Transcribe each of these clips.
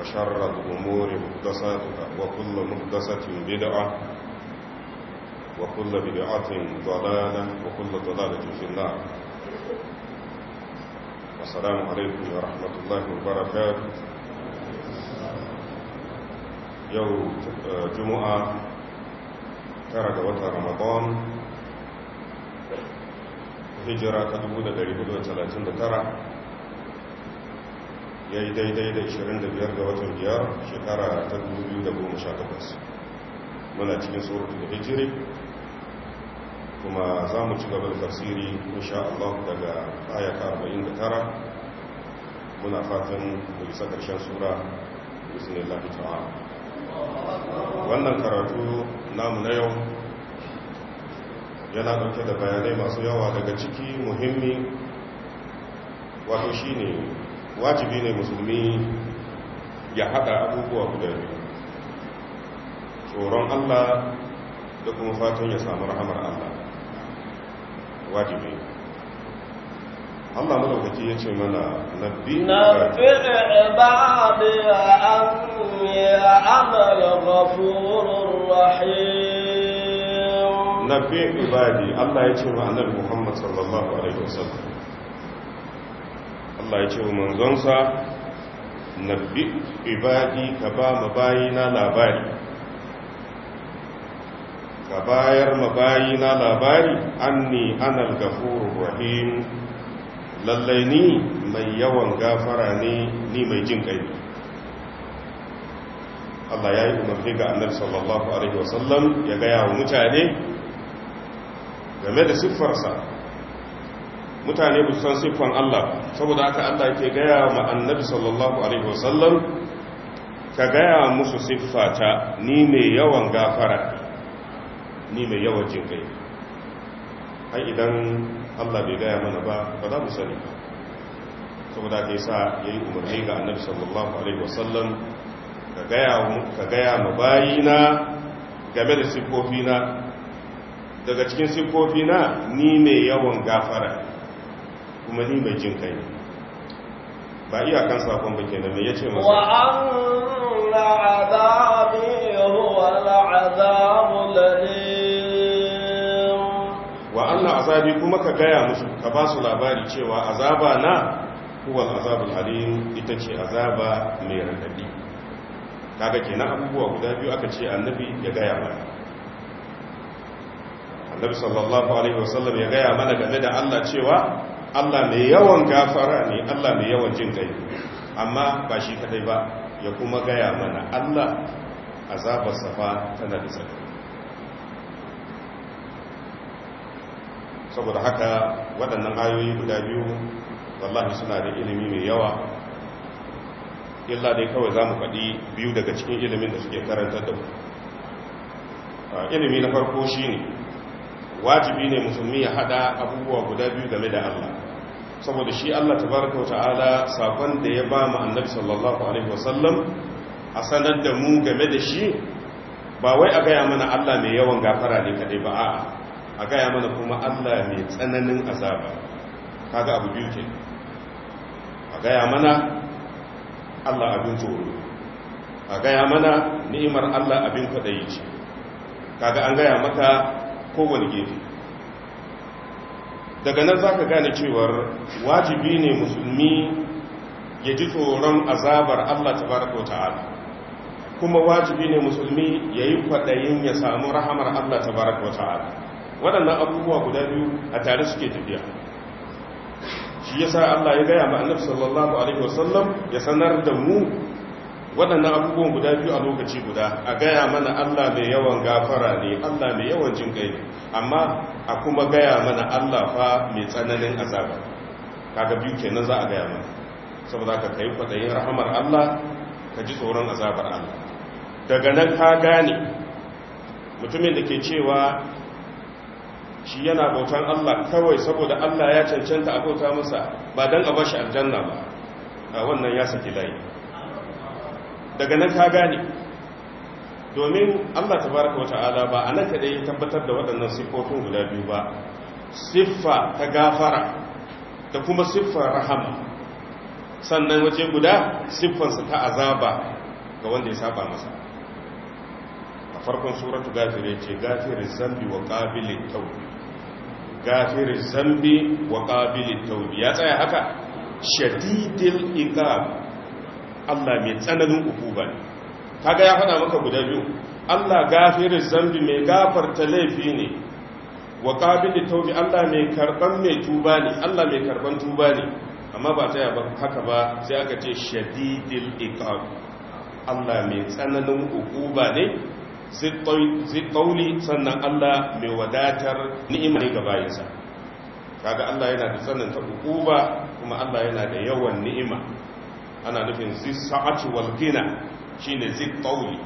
وشر الأمور مهدساتها وكل مهدسة بدعة وكل بدعة ضلالة وكل ضلالة في النار السلام عليكم ورحمة الله وبركاته يوم آه، جمعة ترك وقت رمضان هجرة 1439 ya yi daidai da 25 ga watan biyar shekara ta 2018 muna cikin tsoron da hijiri kuma za mu ci gaba da tafsiri insha Allah daga ayata 49 muna fatan mu isa karshen sura bismillah ta'ala wannan karatu namu na yau yana dauke da bayanai masu yawa daga ciki muhimmi wato shine wajibi ne musulmi ya haɗa abubuwa guda biyu tsoron allah da kuma fatan ya samu rahamar allah wajibi Allah madaukaki ya ce mana biyu na fi'e ba'di Na amal ghafurur rahim Allah ya ce wa annabi Muhammad sallallahu alaihi wasallam Allah ya ce wa manzonsa nabbi ibadi ka ba mabayina labari ka bayar mabayina labari anni anal gafurur rahim lallai ni mai yawan gafara ne ni mai jin kai Allah ya yi umarni ga annabi sallallahu alaihi wasallam ya gaya wa mutane game da siffarsa mutane ba san siffan Allah saboda haka Allah yake gaya ma annabi sallallahu alaihi wasallam ka gaya musu siffata ni mai yawan gafara ni mai yawan jin kai ai idan Allah bai gaya mana ba ba za mu sani ba saboda ke sa yayi umarni ga annabi sallallahu alaihi wasallam ka ka gaya ma bayina game da siffofina daga cikin siffofina ni mai yawan gafara kuma ni mai jin kai ba kan sakon ba kenan mai yace masa wa anna azabi huwa al'azabul alim wa an azabi kuma ka gaya musu ka ba su labari cewa azaba na huwa azabul alim ita ce azaba mai radadi kaga kenan abubuwa guda biyu aka ce annabi ya gaya mana annabi sallallahu alaihi wasallam ya gaya mana game da Allah cewa Allah mai yawan gafara ne Allah mai yawan jin kai amma ba shi kadai ba ya kuma gaya mana Allah azabar safa tana da tsaka saboda haka waɗannan ayoyi guda biyu wallahi suna da ilimi mai yawa illa dai kawai za mu faɗi biyu daga cikin ilimin da suke karanta da mu ilimi na farko shi ne wajibi ne musulmi ya haɗa abubuwa guda biyu game da Allah saboda shi Allah Ta baraka wa ta'ala sakon da ya ba mu annabi sallallahu alaihi wasallam a sanar da mu game da shi ba wai a gaya mana Allah mai yawan gafara ne kadai ba a'a a gaya mana kuma Allah mai tsananin azaba kaga abu biyu ke a gaya mana Allah abin tsoro a gaya mana ni'imar Allah abin kwaɗayi ce kaga an gaya maka kowane gefe daga nan za ka gane cewar wajibi ne musulmi ya ji tsoron azabar Allah tabaraka wa ta'ala kuma wajibi ne musulmi ya yi kwaɗayin ya samu rahamar Allah tabaraka wa ta'ala waɗannan abubuwa guda biyu a tare suke tafiya shi ya sa Allah ya gaya ma'anar annabi sallallahu alaihi wasallam ya sanar da mu waɗannan abubuwan guda biyu a lokaci guda a gaya mana Allah mai yawan gafara ne Allah mai yawan jin kai amma a kuma gaya mana Allah fa mai tsananin azaba kaga biyu kenan za a gaya mana saboda ka kai kwadayin rahamar Allah ka ji tsoron azabar Allah daga nan ka gane mutumin da ke cewa shi yana bautan Allah kawai saboda Allah ya cancanta a bauta masa ba don a bashi aljanna ba wannan ya saki layi daga nan ka gane domin allah tabaraka wa ta'ala ba a nan kaɗai ya tabbatar da waɗannan siffofin guda biyu ba siffa ta gafara da kuma siffar rahama sannan waje guda siffansa ta azaba ga wanda ya saba masa a farkon suratu gafire ce gafirin zambi wa ƙabilin taubi gafirin zambi wa ƙabilin taubi ya tsaya haka shadidil iqab Allah mai tsananin ukuba ne kaga ya faɗa maka guda biyu Allah gafirin zambi mai gafarta laifi ne wa qabil tawbi Allah mai karban mai tuba ne Allah mai karban tuba ne amma ba ta yaba haka ba sai aka ce shadidil iqab Allah mai tsananin ukuba ne ƙauli sannan Allah mai wadatar ni'ima ne ga bayinsa kaga Allah yana da tsananta ukuba kuma Allah yana da yawan ni'ima ana nufin zi sa'atu wal gina shine zi tauli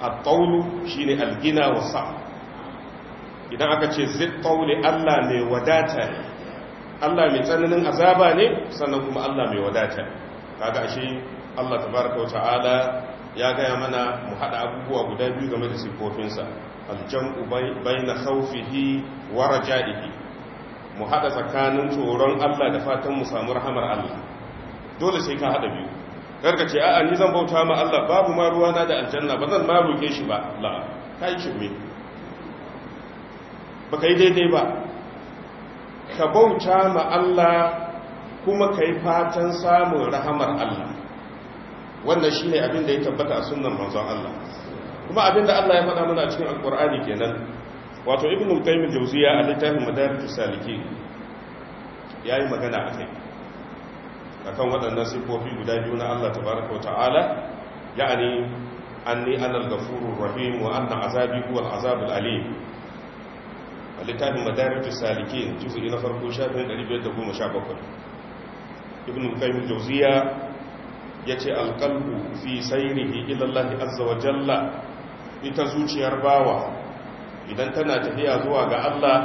at-taulu shine al-gina wa sa idan aka ce zi tauli Allah ne wadata Allah mai tsananin azaba ne sannan kuma Allah mai wadata ne kaga ashe Allah tabaraka wa ta'ala ya gaya mana mu haɗa abubuwa guda biyu game da sifofinsa aljam'u bayna khawfihi wa raja'ihi mu haɗa tsakanin tsoron Allah da fatan mu samu rahamar Allah dole sai ka hada biyu karka ce a'a ni zan bauta ma Allah babu ma ruwa na da aljanna ba zan ma roke shi ba la kai shirme ba kai daidai ba ka bauta ma Allah kuma kai fatan samun rahamar Allah wannan shine abin da ya tabbata a sunnan manzon Allah kuma abin da Allah ya faɗa mana cikin Alƙur'ani kenan wato ibnu qayyim al-jawziya a littafin madarijus salikin yayi magana akai akan waɗannan siffofi guda biyu na Allah tabaraka wa ta'ala ya'ani anni anal ghafurur rahim wa anna azabi huwa azabul alim littafin madarijus salikin juz'i na farko shafin 517 ibn qayyim jawziya yace alqalbu fi sayrihi ila Allah azza wa jalla ita zuciyar bawa idan tana tafiya zuwa ga Allah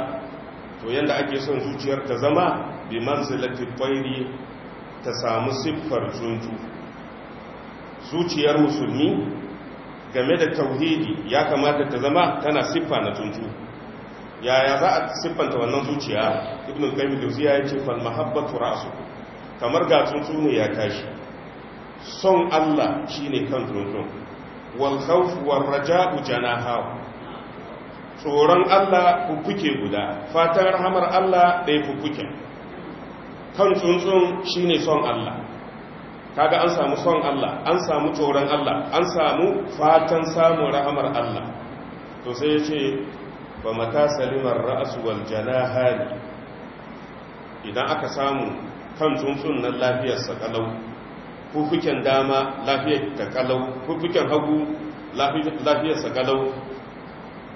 to yanda ake son zuciyar ta zama bi manzilati tayri ta samu siffar junju zuciyar musulmi game da tauhidi ya kamata ta zama tana siffa na tsuntsu yaya za a siffanta wannan zuciya ibn qayyim jawziya ya ce fal mahabbatu ra'su kamar ga junju ne ya tashi son Allah shine kan junju wal khawf war raja'u janaha tsoron Allah ku kuke guda fatan rahamar Allah ɗaya kuke kan tsuntsun ne son Allah kaga an samu son Allah an samu tsoron Allah an samu fatan samu rahamar Allah to sai ya ce ba mata salimar ra'asu wal janahari idan aka samu kan tsuntsun na lafiyarsa kalau kufuken dama lafiyar ta kalau kufuken hagu lafiyarsa kalau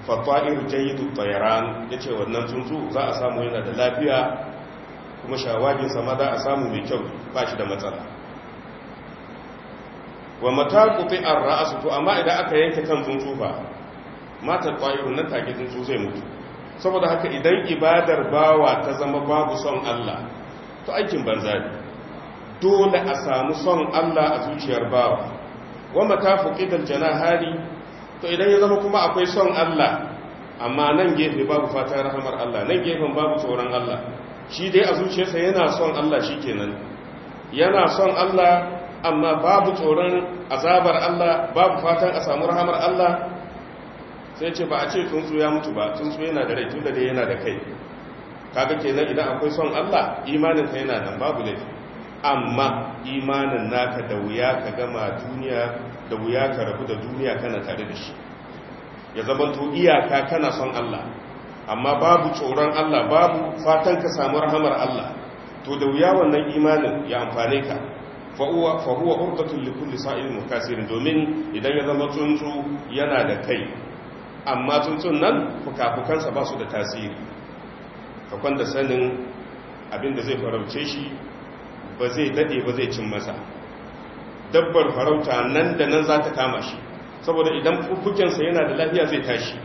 fatwa'ir jayidu bayaran ya ce wannan tsuntsu za a samu yana da lafiya kuma shawaginsa ma za a samu mai kyau ba shi da matsala wa mata kufi an ra'asu to amma idan aka yanke kan tsuntsu ba matar ƙwayar nan take tsuntsu zai mutu saboda haka idan ibadar bawa ta zama babu son Allah to aikin banza ne dole a samu son Allah a zuciyar bawa wa mata fuqidal janahari to idan ya zama kuma akwai son Allah amma nan gefe babu fatan rahamar Allah nan gefen babu tsoron Allah shi dai a zuciyarsa yana son Allah shi kenan yana son Allah amma babu tsoron azabar Allah babu fatan a samu rahamar Allah sai ce ba a ce tsuntsu ya mutu ba tsuntsu yana da rai tun da dai yana da kai kaga kenan idan akwai son Allah imanin ka yana nan babu laifi amma imanin naka da wuya ka gama duniya da wuya ka rabu da duniya kana tare da shi ya to iyaka kana son Allah amma babu tsoron Allah babu fatan ka samu rahamar Allah to da wuya wannan imanin ya amfane ka fa huwa fa huwa li kulli sa'il mukasir domin idan ya zama tsuntsu yana da kai amma tsuntsun nan fukafukansa ba su da tasiri ka kwanda sanin abin da zai farauce shi ba zai dade ba zai cin masa dabbar farauta nan da nan za ta kama shi saboda idan fukukinsa yana da lafiya zai tashi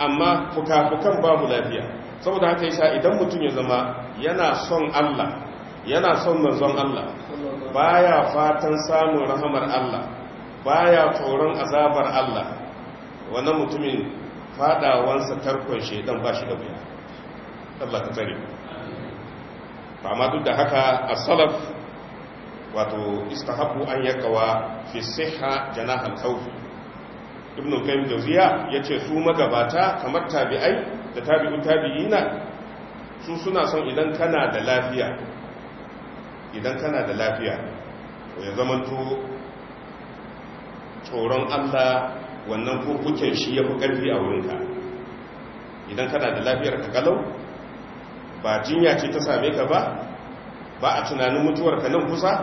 amma fuka-fukan babu lafiya saboda haka sha idan mutum ya zama yana son Allah yana son manzon Allah baya fatan samun rahamar Allah baya tsoron azabar Allah wannan mutumin fadawansa tarkon shedan bashi da buya. Allah tsare amma duk da haka a salaf wato istahabu an yakawa fi siha janahal khawfi ibn qayyim jawziya yace su magabata kamar tabi'ai da tabi'un tabi'ina su suna son idan kana da lafiya idan kana da lafiya to ya zamanto tsoron Allah wannan kukukin shi ya fi ƙarfi a wurinka idan kana da lafiyar ka kalau ba jinya ce ta same ka ba ba a tunanin mutuwar ka nan kusa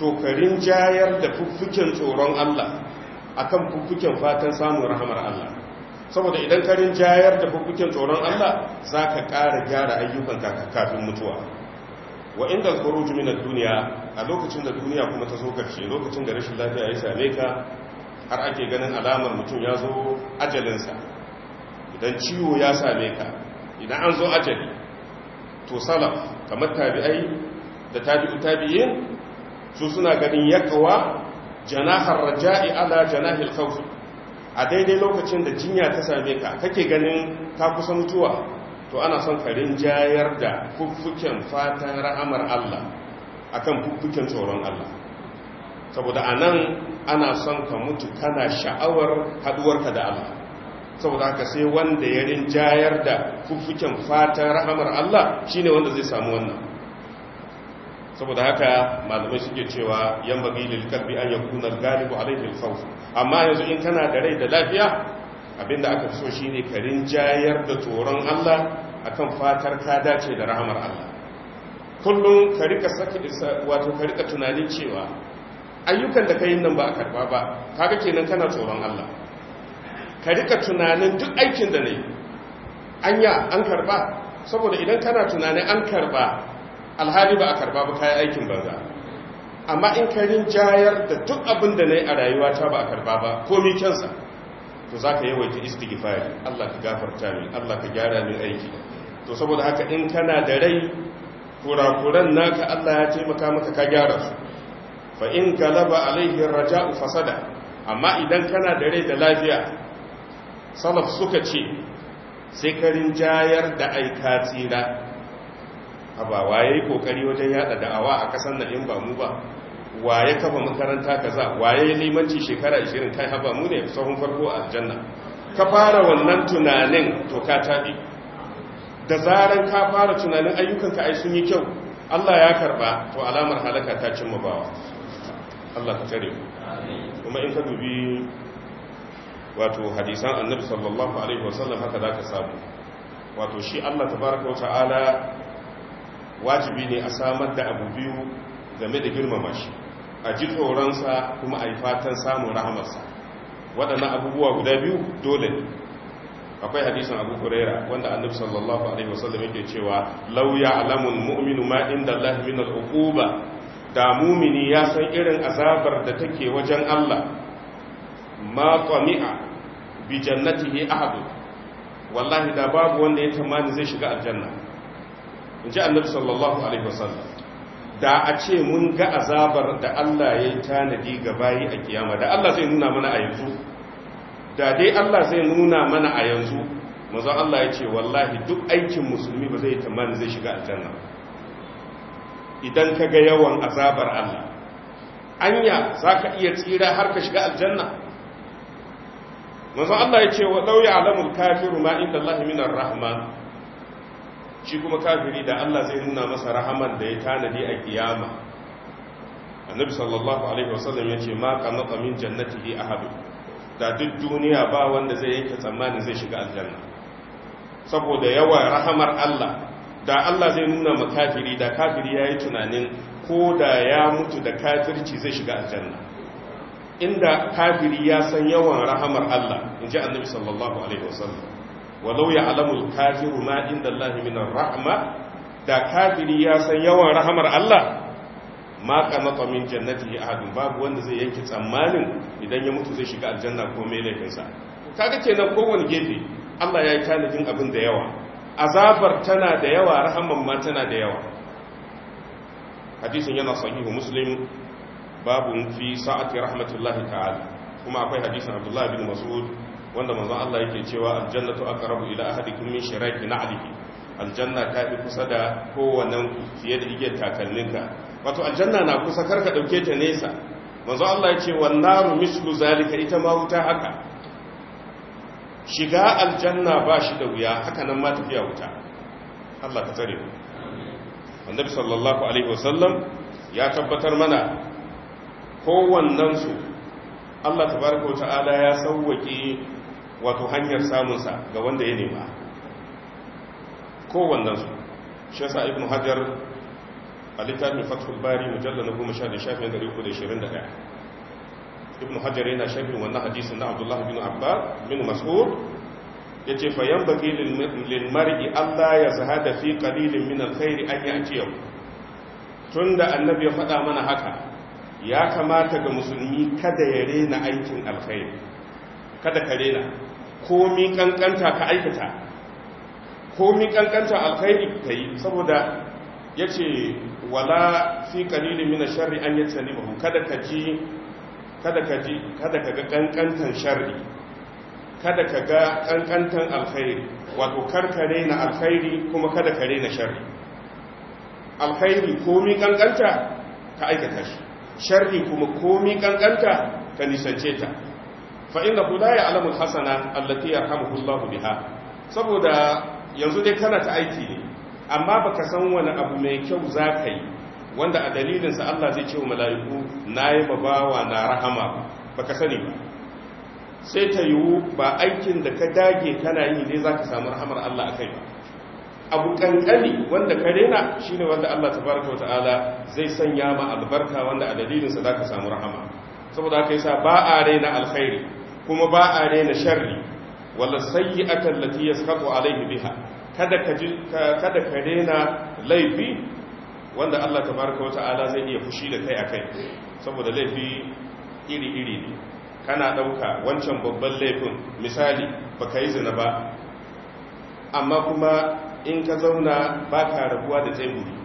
to ka rinjayar da fuffuken tsoron Allah akan fuffuken fatan samun rahamar Allah saboda idan ka jayar da fuffuken tsoron Allah za ka ƙara gyara ayyukan kafin mutuwa wa inda khuruj min duniya a lokacin da duniya kuma ta zo karshe lokacin da rashin lafiya ya same ka har ake ganin alamar mutum ya zo ajalinsa idan ciwo ya same ka idan an zo ajali to salaf kamar tabi'ai da tabi'u tabi'in su suna ganin yakawa janahar raja'i ala janahil khawf a daidai lokacin da jinya ta same ka kake ganin ka kusa mutuwa to ana son ka rinjayar da fuffuken fatan rahamar Allah akan fuffuken tsoron Allah saboda anan ana son ka mutu kana sha'awar haduwarka da Allah saboda haka sai wanda ya rinjayar da fuffuken fatan rahamar Allah shine wanda zai samu wannan saboda haka malamai suke cewa yan bagi lilkar kalbi an yakuna galibu alayhi al amma yanzu in kana da rai da lafiya abinda aka so shine karin jayar da tsoron Allah akan fatar ka dace da rahamar Allah kullum ka saki isa wato ka tunanin cewa ayyukan da kai nan ba a karba ba kaga kenan kana tsoron Allah ka tunanin duk aikin da ne anya an karba saboda idan kana tunanin an karba alhali ba a karba ba kayan aikin banza amma in karin jayar da duk abin da na yi a rayuwata ba a karba ba komi kyansa to za ka yi yawaita istighfari Allah ka gafarta ne Allah ka gyara min aiki to saboda haka in kana da rai kurakuran naka Allah ya taimaka maka ka gyara su fa in galaba alaihi raja'u fasada amma idan kana da rai da lafiya salaf suka ce sai karin jayar da aika tsira haba waye kokari wajen yada da'awa a kasan nan in ba mu ba waye kafa makaranta kaza waye limanci shekara 20 kai haba mu ne sahun farko a aljanna ka fara wannan tunanin to ka tabi da zaran ka fara tunanin ayyukanka ai sun yi kyau Allah ya karba to alamar halaka ta cimma wa. Allah ka tare kuma in ka dubi wato hadisan annabi sallallahu alaihi wasallam haka zaka samu wato shi Allah tabaraka wa ta'ala wajibi ne a samar da abu biyu game da girmama shi a ji tsoronsa kuma a yi fatan samun rahamarsa waɗannan abubuwa guda biyu dole ne akwai hadisin abu huraira wanda annabi sallallahu alaihi wasallam yake cewa lauya alamun muminu ma inda Allah min al-uquba da mumini ya san irin azabar da take wajen Allah ma qami'a bi jannatihi ahad wallahi da babu wanda ya tamani zai shiga aljanna in ji annabi sallallahu alaihi wasallam da a ce mun ga azabar da Allah ya tanadi ga bayi a kiyama da Allah zai nuna mana a yanzu da dai Allah zai nuna mana a yanzu manzo Allah ya ce wallahi duk aikin musulmi ba zai tamani zai shiga aljanna idan ka ga yawan azabar Allah anya za ka iya tsira har ka shiga aljanna manzo Allah ya ce wa law alamul kafiru ma inda Allah minar rahma shi kuma kafiri da Allah zai nuna masa rahaman da ya tanadi a kiyama annabi sallallahu alaihi wasallam ya ce ma qanata min jannatihi ahad da duk duniya ba wanda zai yanke tsammani zai shiga aljanna saboda yawan rahamar Allah da Allah zai nuna ma kafiri da kafiri yayi tunanin ko da ya mutu da kafirci zai shiga aljanna inda kafiri ya san yawan rahamar Allah inji annabi sallallahu alaihi wasallam walau ya alamul kafiru ma inda Allah minan rahma da kafiri ya san yawan rahamar Allah ma qanata min jannati ahadun babu wanda zai yanke tsammanin idan ya mutu zai shiga aljanna ko mai laifinsa kaga kenan kowane gefe Allah ya yi jin abin da yawa azabar tana da yawa rahaman ma tana da yawa hadisin yana sahihu muslim babu fi sa'ati rahmatullahi ta'ala kuma akwai hadisin abdullahi bin mas'ud wanda manzon Allah yake cewa aljannatu aqrabu ila ahadikum min shiraki na'lihi aljanna ta fi kusa da ku fiye da igiyar takalminka wato aljanna na kusa karka dauke ta nesa manzo Allah ya ce wan naru mislu zalika ita ma wuta haka shiga aljanna ba shi da wuya haka nan ma tafiya wuta Allah ka tsare mu annabi sallallahu alaihi wasallam ya tabbatar mana kowannen su Allah tabaraka wa ta'ala ya sauwake wato hanyar samunsa ga wanda ya nema kowannensu shi yasa ibn hajar a littafin fatul bari Mujalla na goma sha da shafin ɗari uku da ishirin da ɗaya ibn hajar yana shafin wannan hadisin na abdullahi bin abba bin mas'ud ya ce fayan baki lilmar'i allah ya da fi kalilin min alkhairi an yi ajiya tun da annabi ya faɗa mana haka ya kamata ga musulmi kada ya rena aikin alkhairi kada ka rena komi kankanta ka aikata komi kankanta alkhairi ka yi saboda ya ce wala fi kalilin mina shari an yi talibahu kada ka ji kada ka ji kada ka ga kankantan shari kada ka ga kankantan alkhairi wato karkare na alkhairi kuma kada ka rena shari alkhairi komi kankanta ka aikata shi shari kuma komi kankanta ka nisance ta fa ku ya ya'lamu Hassana, hasana allati yarhamuhu Allahu biha saboda yanzu dai kana ta aiki ne amma baka san wani abu mai kyau zaka yi wanda a dalilin sa Allah zai ce wa mala'iku nayi babawa na rahama baka sani ba sai ta yiwu ba aikin da ka dage kana yi ne zaka samu rahamar Allah akai kai. abu kankani wanda ka rena shine wanda Allah tabaraka wataala zai sanya ma albarka wanda a dalilin sa zaka samu rahama saboda haka yasa ba a raina alkhairi kuma ba a rena sharri wala sayyi'atan lati yasqatu alaihi biha kada ka kada ka rena laifi wanda Allah tabaraka wa ta'ala zai iya fushi da kai akai saboda laifi iri iri ne kana ɗauka wancan babban laifin misali baka yi zina ba amma kuma in ka zauna baka rabuwa da tsegumi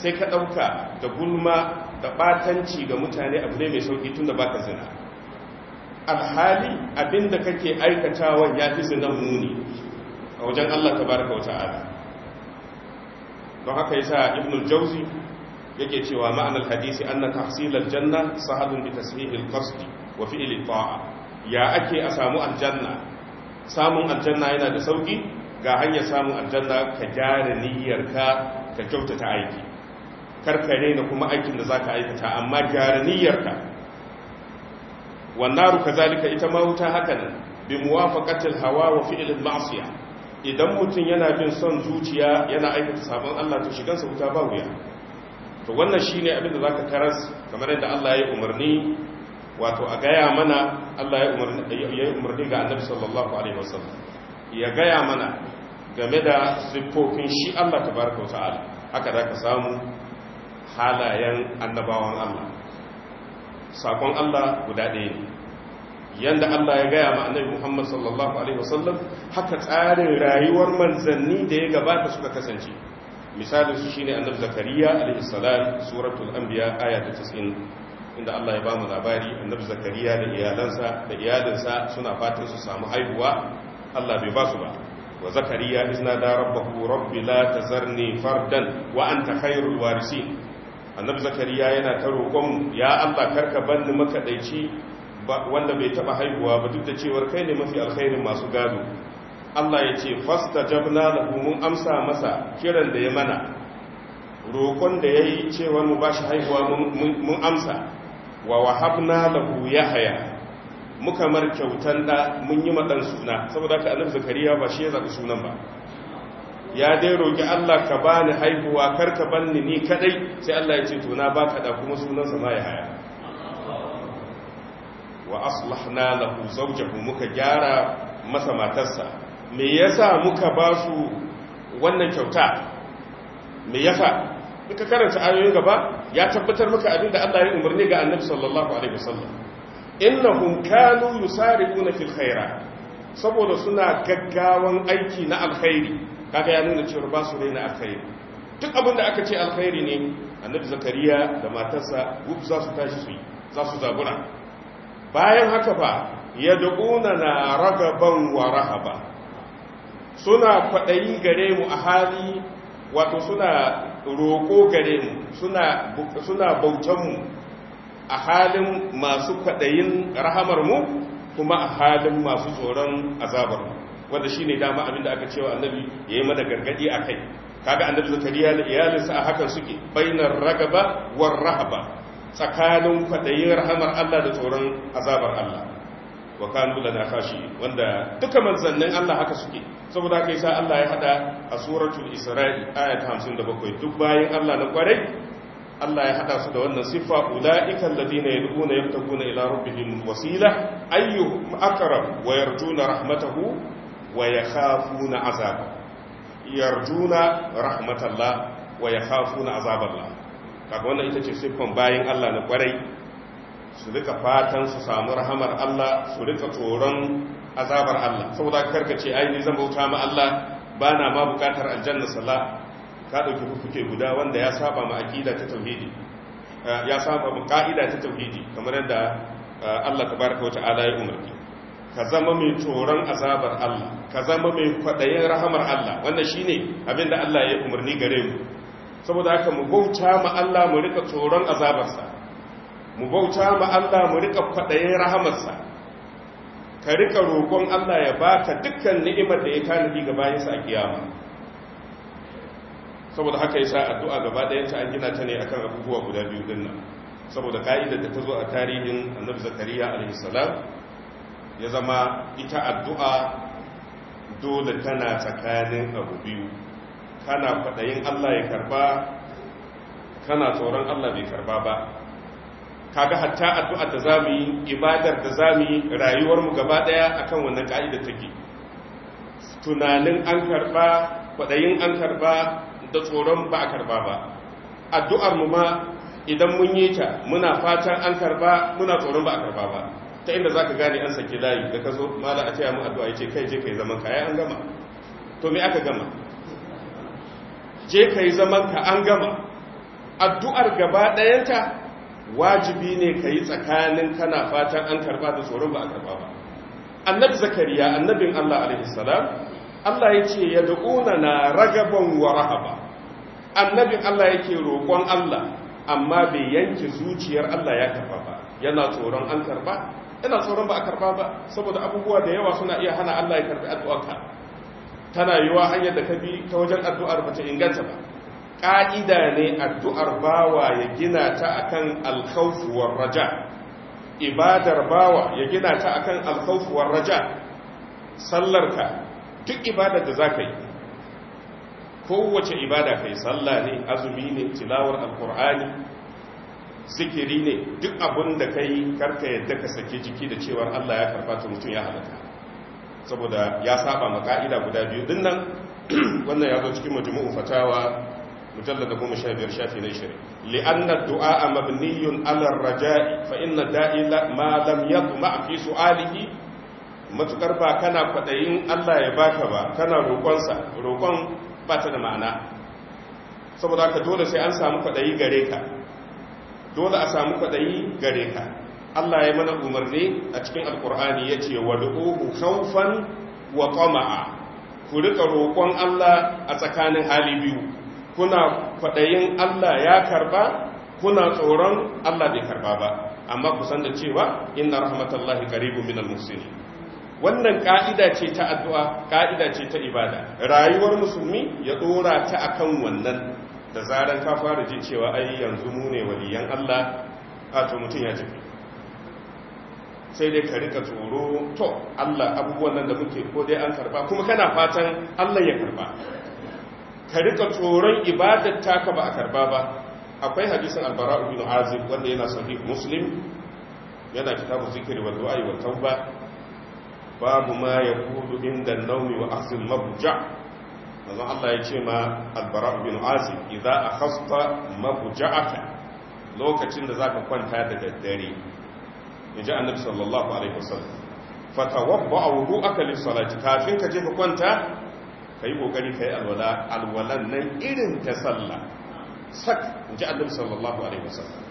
sai ka ɗauka da gulma da ɓatanci ga mutane abu ne mai sauki tun da ba ka zina alhali abinda kake aikatawa ya fi zinan muni a wajen Allah baraka wa ta'ala don haka yasa ibn al-jawzi yake cewa ma'anar hadisi anna tahsil al-janna sahadun bi tasmih al-qasd wa fi'l al-ta'a ya ake a samu aljanna samun aljanna yana da sauki ga hanyar samun aljanna ka gyara niyyarka ka kyautata aiki karkare da kuma aikin da zaka aikata amma gyara niyyarka wannaru kazalika ita ma wuta haka nan bi muwafaqatil hawa wa fi'l al idan mutum yana bin son zuciya yana aikata sabon Allah to shigansa wuta ba wuya to wannan shine abin da zaka karas kamar yadda Allah ya umarni wato a gaya mana Allah ya umarni ya umarni ga Annabi sallallahu alaihi wasallam ya gaya mana game da siffofin shi Allah tabaraka wa ta'ala haka zaka samu halayen annabawan Allah sakon Allah guda ɗaya ne yanda Allah ya gaya ma annabi Muhammad sallallahu alaihi wasallam haka tsarin rayuwar manzanni da ya gabata suka kasance misalin su shine annabi Zakariya alaihi salam suratul anbiya aya ta 90 inda Allah ya ba mu labari annabi Zakariya da iyalansa da iyalinsa suna fatan su samu haihuwa Allah bai ba su ba wa Zakariya izna da rabbahu rabbi la tazarni fardan wa anta khairul warisin annabi zakariya yana ta roƙon ya Allah karka banni makaɗaici wanda bai taba haihuwa ba duk da cewar kai ne mafi alkhairin masu gado Allah ya ce jabna lahu mun amsa masa kiran da ya mana roƙon da yayi cewa mu bashi haihuwa mun amsa wa wahabna lahu yahya muka mar kyautan da mun yi madan suna saboda haka annabi zakariya ba shi ya zabi sunan ba ya dai roƙi Allah ka bani haihuwa kar ka banni ni kadai sai Allah ya ce to na baka da kuma sunansa ma ya haya wa aslahna lahu zawjahu muka gyara masa matarsa me yasa muka ba su wannan kyauta me yasa duka karanta ayoyin gaba ya tabbatar maka abin da Allah ya umarni ga Annabi sallallahu alaihi wasallam innahum kanu yusariquna fil khairat saboda suna gaggawan aiki na alkhairi kaga ya nuna cewa ba su raina alkhairi duk abin da aka ce alkhairi ne annabi zakariya da matarsa gub za su tashi su yi za su zaguna. bayan haka fa yad'una na ragaban wa rahaba suna kwaɗayi gare mu a hali wato suna roƙo gare mu suna suna bautan mu a halin masu kwaɗayin rahamar mu kuma a halin masu tsoron azabar mu wanda shine dama abin da aka cewa annabi yi mana gargadi kai kaga annabi zakariya da iyalinsa a hakan suke bainar ragaba war rahaba tsakanin kwadayin rahamar Allah da tsoron azabar Allah wa kanu lana khashi wanda duka manzannin Allah haka suke saboda haka yasa Allah ya hada a suratul isra'i ayat 57 duk bayan Allah na kwarai Allah ya hada su da wannan siffa ulaiikal ladina yad'una yabtaguna ila rabbihim wasila ayyuhum aqrab wa yarjuna rahmatahu wa yakhafuna azab yarjuna rahmatallah wa yakhafuna azaballah kaga ita ce siffan bayin Allah na kwarai su rika fatan su samu rahamar Allah su rika tsoron azabar Allah saboda karkace ai ni zan bauta ma Allah bana ma bukatar aljanna sala ka dauki kuke guda wanda ya saba ma aqida ta tauhidi eh, ya saba ma ka'ida ta tauhidi kamar yadda eh, Allah tabaraka wa ta'ala ya umarci ka zama mai tsoron azabar Allah ka zama mai kwaɗayin rahamar Allah wannan shi ne abinda Allah ya umarni gare mu saboda haka mu bauta ma Allah mu rika tsoron azabarsa mu bauta ma Allah mu rika kwaɗayin rahamarsa ka rika roƙon Allah ya baka dukkan ni'imar da ya tanadi ga bayansa a kiyama saboda haka yasa addu'a gaba ta an gina ta ne akan abubuwa guda biyu dinnan saboda ka'idar da ta zo a tarihin Annabi Zakariya alaihi salam ya zama ita addu'a dole tana tsakanin abu biyu kana faɗayin Allah ya karba kana tsoron Allah bai karba ba kaga hatta addu'a da zami yi ibadar da zami yi rayuwar mu gaba ɗaya, akan wannan ka'ida take tunanin an karba kwaɗayin an karba da tsoron ba a karba ba addu'ar mu ma idan mun yi ta muna fatan an karba muna tsoron ba a karba ba ta inda za ka gane an saki layi da ka zo mala a taya mu addu'a yace ce kai je ka yi zaman ka ya an gama to me aka gama je ka yi zaman ka an gama addu'ar gaba ta wajibi ne ka yi tsakanin kana fatan an karɓa da tsoron ba a karɓa ba annabi zakariya annabin allah salam allah ya ce ya da'una na ragaban wa rahaba annabin allah yake roƙon allah amma bai yanke zuciyar allah ya karɓa ba yana tsoron an karɓa ina tsoron ba a karba ba saboda abubuwa da yawa suna iya hana Allah ya karbi addu'arka tana yiwa hanyar da ka bi ta wajen addu'ar ba ta inganta ba ƙa'ida ne addu'ar bawa ya gina ta akan alkhawfuwar raja ibadar bawa ya gina ta akan alkhawfuwar raja sallarka duk ibadar da za yi kowace ibada kai sallah ne azumi ne tilawar alkur'ani zikiri ne duk abin da ka yi karka yadda ka sake jiki da cewar Allah ya karfa ta mutum ya halaka saboda ya saba ma guda biyu din nan wannan ya zo cikin majmu'u fatawa mujallad 15 shafi na 20 na du'a mabniyun 'ala rajai fa inna da'ila ma lam yatma fi su'alihi matukar ba kana kwadayin Allah ya baka ba kana roƙon roƙon ba ta da ma'ana saboda ka dole sai an samu kwadayi gare ka dole a samu kwaɗayi gare ka Allah ya mana umarni a cikin alkur'ani ya ce wa du'uhu khawfan wa tama'a ku rika roƙon Allah a tsakanin hali biyu kuna kwaɗayin Allah ya karba kuna tsoron Allah bai karba ba amma ku san da cewa inna rahmatallahi qaribun minal musulmi wannan ka'ida ce ta addu'a ka'ida ce ta ibada rayuwar musulmi ya dora ta akan wannan da zaran ka fara jin cewa ai yanzu mu ne waliyan Allah a mutum ya jibi sai dai ka rika tsoro to Allah abubuwan nan da muke ko dai an karba kuma kana fatan Allah ya karba ka rika tsoron ibadar taka ba a karba ba akwai hadisin albara ibn azib wanda yana sahih muslim yana kitabu zikiri wa du'a wa tauba babu ma yaqulu inda an-nawmi wa ahsin mabja' manzon Allah ya ce ma albara bin azib idza akhasta mabja'aka lokacin da zaka kwanta da daddare inji annabi sallallahu alaihi wasallam fatawabba wudu'aka lis salati kafin ka je ka kwanta kai kokari kai alwala alwalan nan irin ta sallah sak inji annabi sallallahu alaihi wasallam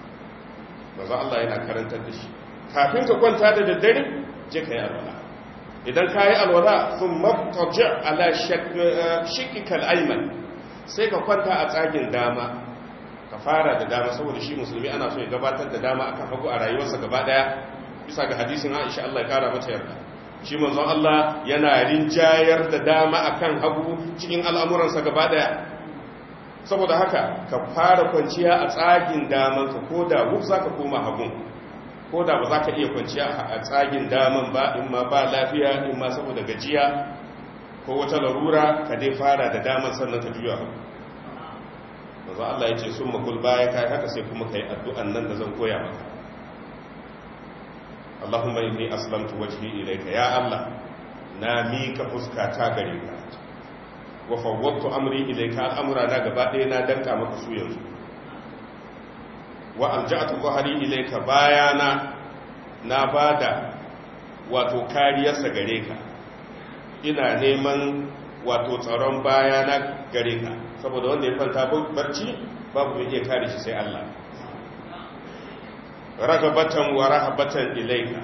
manzon Allah yana karantar da shi kafin ka kwanta da daddare je ka yi alwala idan ka yi alwala sun maftaji ala shikikal aiman sai ka kwanta a tsagin dama ka fara da dama saboda shi musulmi ana so ya gabatar da dama akan hagu a rayuwarsa gaba daya bisa ga hadisin aisha Allah ya kara mata yarda shi manzon Allah yana rinjayar da dama akan hagu cikin al'amuransa gaba daya saboda haka ka fara kwanciya a tsagin ka, ko da wuf ka koma hagun ko da ba za ka iya kwanciya a tsagin daman ba in ma ba lafiya in ma saboda gajiya ko wata larura ka dai fara da daman sannan ta juya Ba za Allah ya ce sun makul baya ka haka sai kuma ka yi addu'an nan da zan koya maka Allahumma inni aslamtu wajhi ilayka ya Allah na mika fuska ta gare ka wa fawwadtu amri ilayka al'amura na gaba ɗaya na danka maka su yanzu wa alja'atu zahari ilayka bayana na bada wato kariyarsa gare ka ina neman wato tsaron bayana gare ka saboda wanda ya falta barci babu mai iya kare shi sai Allah ragabatan wa rahabatan ilayka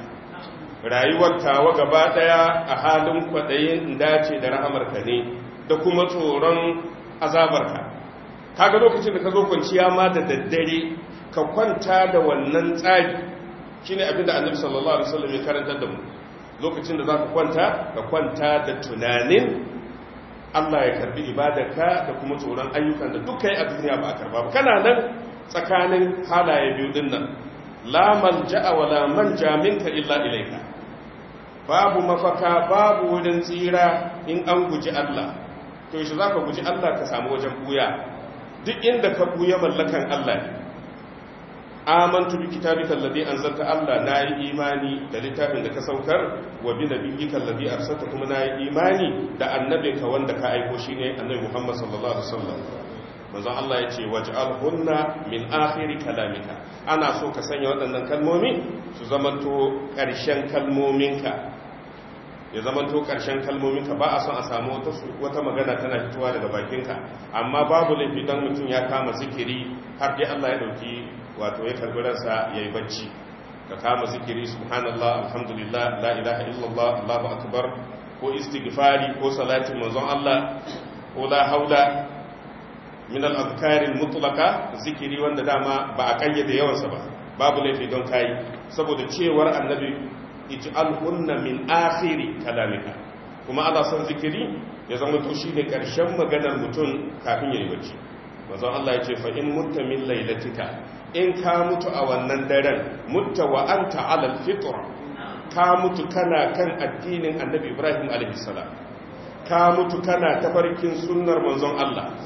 rayuwar tawa gaba daya a halin kwadayin ce da rahamarka ne da kuma tsoron azabarka kaga lokacin da ka zo kwanciya ma da daddare ka kwanta da wannan tsari shi ne abinda annabi sallallahu alaihi wasallam ya karanta da mu lokacin da zaka kwanta ka kwanta da tunanin Allah ya karbi ibadarka da kuma tsoron ayyukan da duk kai a duniya ba a karba ba kana nan tsakanin halaye biyu din nan la man ja'a wa la manja minka illa ilayka babu mafaka babu wurin tsira in an guji Allah to yaushe zaka guji Allah ka samu wajen buya duk inda ka buya mallakan Allah ne amantu bi kitabika alladhi anzalta Allah nayi imani da littafin da ka saukar wa bi nabiyyika alladhi arsalta kuma yi imani da annabinka wanda ka aiko shine annabi Muhammad sallallahu alaihi wasallam manzo Allah ya ce waj'alhunna min akhiri kalamika ana so ka sanya waɗannan kalmomi su zamanto ƙarshen kalmominka ya zamanto ƙarshen kalmominka ba a son a samu wata magana tana fitowa daga bakinka amma babu laifi dan mutum ya kama zikiri har dai Allah ya dauki wato ya karbi ransa ya yi bacci ka kama zikiri subhanallah alhamdulillah la ilaha illallah allahu akbar ko istighfari ko salatin manzon Allah ko la haula min al-azkarin mutlaqa zikiri wanda dama ba a kayyade yawansa ba babu laifi don kai saboda cewar annabi ij'alhunna min akhiri kalamika kuma Allah san zikiri ya zama to shi ne karshen maganar mutum kafin ya yi bacci manzon Allah ya ce fa in mutta min lailatika in ka mutu a wannan daren mutu wa an ta'alar ka mutu kana kan addinin annabi ibrahim alaihissalam ka mutu kana tafarkin sunnar manzon allah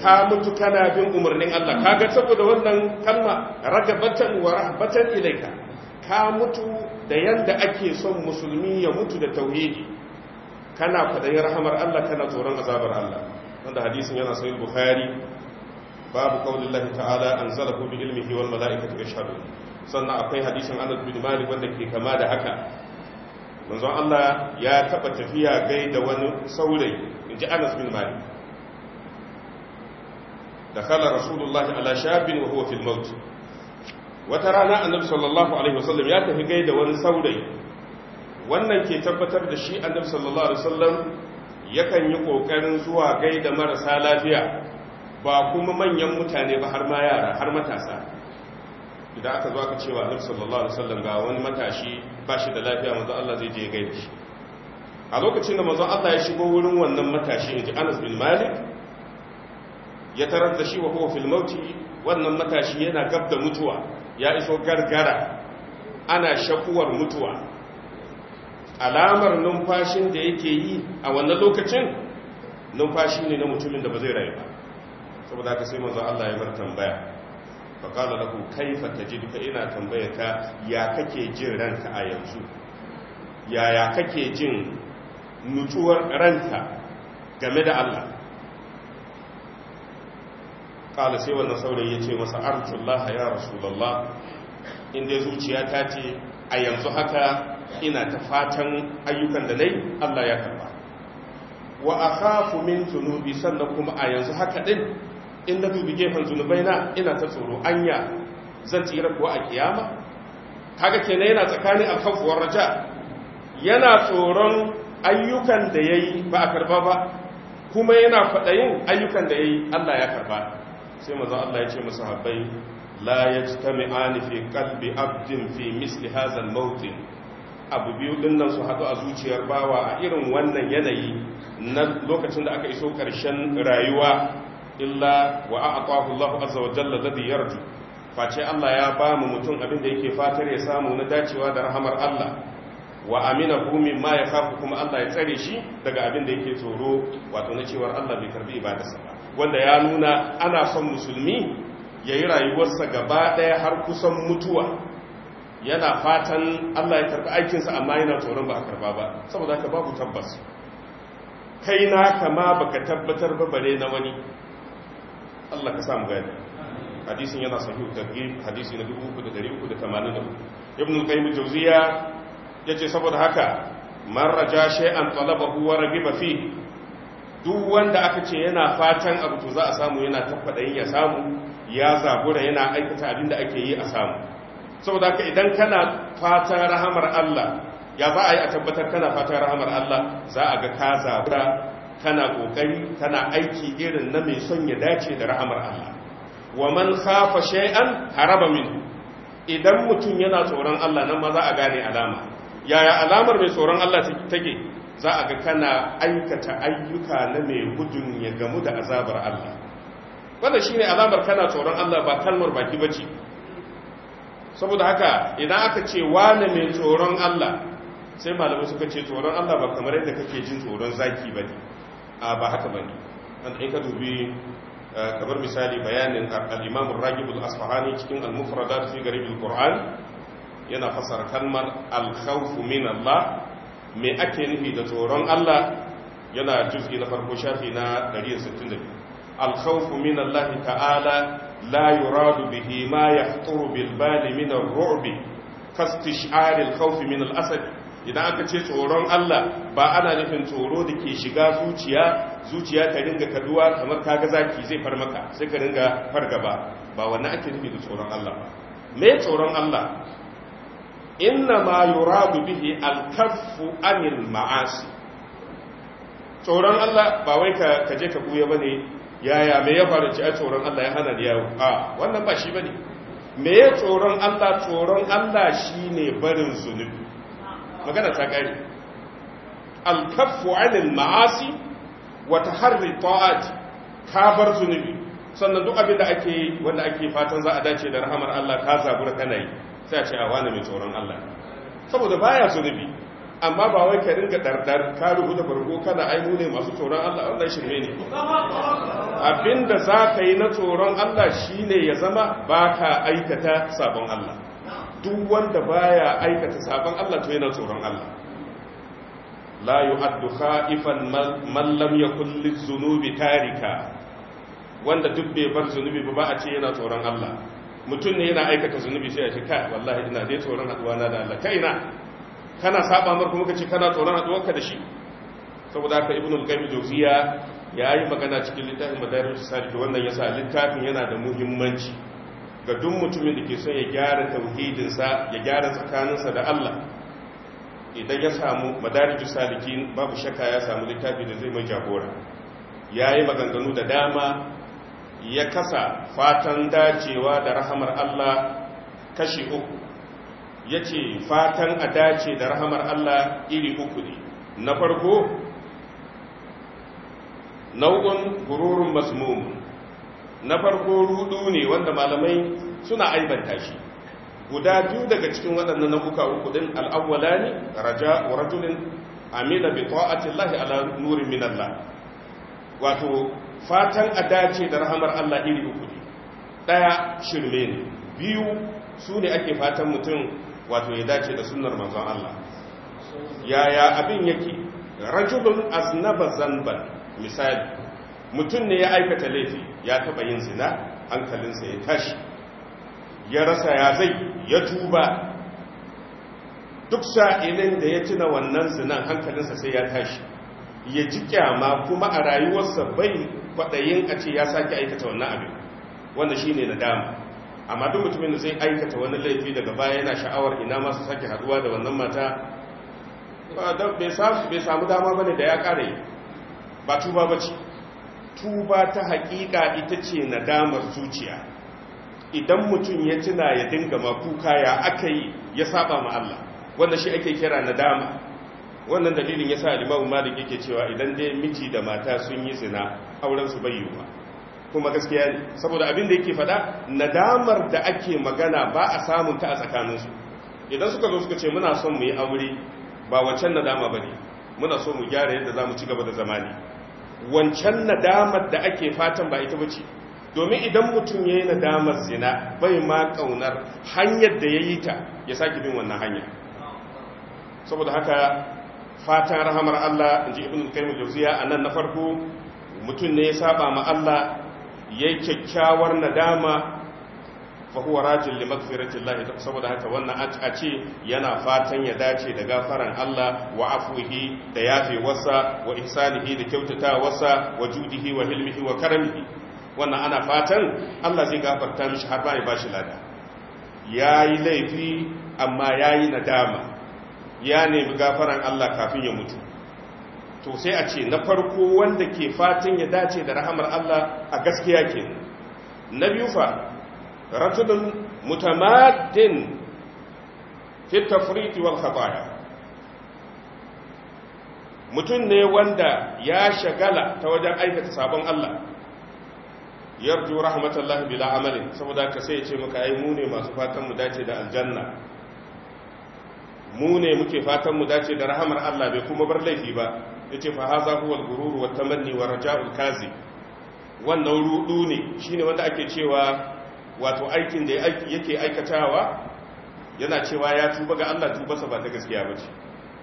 ka mutu kana bin umarnin allah ka kaga saboda wannan kalma ragabatan wa rahbatan ilaika ka mutu da yadda ake son musulmi ya mutu da tauhidi kana kwaɗayin rahamar allah kana tsoron azabar allah wanda hadisin yana sahih bukhari babu qaulillahi ta'ala anzalahu bi ilmihi wal mala'ikatu yashhadun sannan akwai hadisin Anas bin wanda ke kama da haka manzon Allah ya taba tafiya gai da wani saurayi inji Anas bin Malik dakhala rasulullahi ala shabin wa huwa fil wata rana annabi sallallahu alaihi wasallam ya tafi gai da wani saurayi wannan ke tabbatar da shi annabi sallallahu alaihi wasallam yakan yi kokarin zuwa gai da marasa lafiya ba kuma manyan mutane ba har ma yara har matasa idan aka zo aka cewa annabi sallallahu alaihi wasallam ga wani matashi ba shi da lafiya manzo Allah zai je gaida shi a lokacin da manzo Allah ya shigo wurin wannan matashi inji Anas bin Malik ya tarar da shi wa huwa fil mauti wannan matashi yana gab da mutuwa ya iso gargara ana shakuwar mutuwa alamar numfashin da yake yi a wannan lokacin numfashi ne na mutumin da ba zai rayu ba saboda haka sai manzo Allah ya bar tambaya fa qala lahu kaifa tajiduka ina tambaya ka ya kake jin ranka a yanzu yaya kake jin nutsuwar ranka game da Allah kala sai wannan saurayi ya ce masa arjullah ya rasulullah inda zuciya ta ce a yanzu haka ina ta fatan ayyukan da nayi Allah ya karba wa akhafu min zunubi sannan kuma a yanzu haka din in na dubi gefen zunubai na ina ta tsoro anya zan tsira kuwa a kiyama kaga kenan yana tsakanin alkhawfuwar raja yana tsoron ayyukan da yayi ba a karba ba kuma yana yin ayyukan da yayi Allah ya karba sai manzo Allah ya ce musu habbai la yajtami'ani fi qalbi abdin fi misli hadha al-mawtin abu biyu din nan su haɗu a zuciyar bawa a irin wannan yanayi na lokacin da aka iso ƙarshen rayuwa illa wa a'tahu Allah azza wa jalla ladhi yarju face Allah ya ba mu mutum abin da yake fatar ya samu na dacewa da rahamar Allah wa amina hu mimma khafu kuma Allah ya tsare shi daga abin da yake tsoro wato na cewar Allah bai karbi ibadarsa ba wanda ya nuna ana son musulmi yayi rayuwarsa gaba daya har kusan mutuwa yana fatan Allah ya karbi sa amma yana tsoron ba karba ba saboda haka babu tabbas kai na kama baka tabbatar ba bare na wani Allah ka samu gani hadisin yana sahihu targhib hadisi na 3384 ibn al-qayyim al-jawziya yace saboda haka man raja shay'an talabahu wa ragiba fi duk wanda aka ce yana fatan abu to za a samu yana tabbata ya samu ya zabura yana aikata abin da ake yi a samu saboda haka idan kana fatan rahamar Allah ya ba a yi a tabbatar kana fatan rahamar Allah za a ga ka zabura kana kokari kana aiki irin na mai son ya dace da rahamar Allah wa man khafa shay'an haraba min idan mutum yana tsoron Allah nan ma za a gane alama yaya alamar mai tsoron Allah take za a ga kana aikata ayyuka na mai gudun ya gamu da azabar Allah wannan shine alamar kana tsoron Allah ba kalmar baki bace saboda haka idan aka ce wane mai tsoron Allah sai malamai suka ce tsoron Allah ba kamar yadda kake jin tsoron zaki bane a ba haka bane an ka dubi eh, kamar misali bayanin al-imam ar al-asfahani cikin al-mufradat fi garib al-qur'an yana fasara kalmar al-khawf min Allah me ake nufi da tsoron Allah yana juz'i na farko shafi na 162 al-khawf min Allah ta'ala la yuradu bihi ma yahturu bil bali min ar-ru'b kastish'ar al-khawf min al-asad idan aka ce tsoron Allah ba ana nufin tsoro da ke shiga zuciya zuciya ta ringa kaduwa kamar ga zaki zai far maka sai ka ringa fargaba ba wannan ake nufi da tsoron Allah ba me tsoron Allah inna ma yuradu bihi al-kaffu anil ma'asi tsoron Allah ba wai ka kaje ka buya bane yaya me ya faru ci a tsoron Allah ya hana da yawo a wannan ba shi bane me ya tsoron Allah tsoron Allah shine barin zunubi magana ta gari alkafu anil ma'asi wata harri ta'ati ka bar zunubi sannan duk abin da ake wanda ake fatan za a dace da rahamar Allah ka zabura kana yi sai a ce a wani mai tsoron Allah saboda baya zunubi amma ba wai ka ringa dardar ka da bargo kana ai ne masu tsoron Allah wannan shirme ne abinda za ka yi na tsoron Allah shine ya zama baka aikata sabon Allah duk wanda baya aikata sabon Allah to yana tsoron Allah la yu'addu khaifan man lam yakul lizunubi tarika wanda duk bai bar zunubi ba ba a ce yana tsoron Allah mutum ne yana aikata zunubi sai ya ce kai wallahi ina dai tsoron haduwa na da Allah kai ina, kana saba mar kuma kace kana tsoron ka da shi saboda haka ibnu al-qayyim jawziya yayi magana cikin littafin madarijus salik wannan yasa littafin yana da muhimmanci ga duk mutumin da ke son ya gyara tauhidinsa ya gyara tsakaninsa da Allah idan ya samu madarijus salikin babu shakka ya samu littafi da zai mai jagora yayi maganganu da dama ya kasa fatan dacewa da rahamar Allah kashi uku yace fatan a dace da rahamar Allah iri uku ne na farko nau'un gururin masmum na farko rudu ne wanda malamai suna aibanta shi guda biyu daga cikin waɗannan nau'uka uku din al'awwala ne raja wa rajulin amina bi llahi ala nurin min Allah wato fatan a dace da rahamar Allah iri uku ne daya shirme ne biyu su ne ake fatan mutum wato ya dace da sunnar manzon Allah yaya abin yake rajulun aznaba zanban misali mutum ne ya aikata laifi ya taba yin zina hankalinsa ya tashi ya rasa ya zai ya tuba duk sa'ilin da ya tuna wannan zinan hankalinsa sai ya tashi ya ji kyama kuma a rayuwarsa bai kwaɗayin a ce ya sake aikata wannan abin wanda shi ne na dama. amma duk mutumin da zai aikata wani laifi daga baya yana sha'awar ina masu sake haduwa da wannan mata bai samu dama bane da ya kare ba tuba ba ce tuba ta hakika ita ce nadamar zuciya idan mutum ya tuna ya dinga makuka ya aka yi ya saba ma Allah wanda shi ake kira nadama wannan dalilin ya sa limamu malik yake cewa idan dai miji da mata sun yi zina auren su bai yiwuwa kuma gaskiya ne saboda abin da yake fada nadamar da ake magana ba a samun ta a tsakaninsu idan suka zo suka ce muna son mu yi aure ba wancan nadama ba ne muna so mu gyara yadda za mu ci gaba da zamani wancan nadamar da ake fatan ba ita bace domin idan mutum yayi nadamar zina bai ma kaunar hanyar da yayi ta ya saki bin wannan hanya saboda haka fatan rahamar Allah inji ibnu qayyim jawziya nan na farko mutum ne ya saba ma Allah yayi kyakkyawar nadama fa huwa rajin li maghfiratillahi saboda haka wannan a ce yana fatan ya dace da gafaran Allah wa afuhi da wasa wa ihsanihi da kyautata wasa wa judihi wa hilmihi wa karamihi wannan ana fatan Allah zai gafarta mishi har ba shi bashi lada yayi laifi amma yayi nadama ya nemi gafaran Allah kafin ya mutu to sai a ce na farko wanda ke fatan ya dace da rahamar Allah a gaskiya ke na biyu fa rajulun mutamaddin fi tafriti wal khataya mutum ne wanda ya shagala ta wajen aikata sabon Allah yarju rahmatallahi bila amalin saboda ka sai ce muka ai mu masu fatan dace da aljanna mu muke fatan dace da rahamar Allah bai kuma bar laifi ba yace fa haza huwa al-ghurur wa tamanni kazi wannan rudu ne shine wanda ake cewa wato aikin da yake aikatawa yana cewa ya tuba ga Allah tubarsa ba ta gaskiya ba ce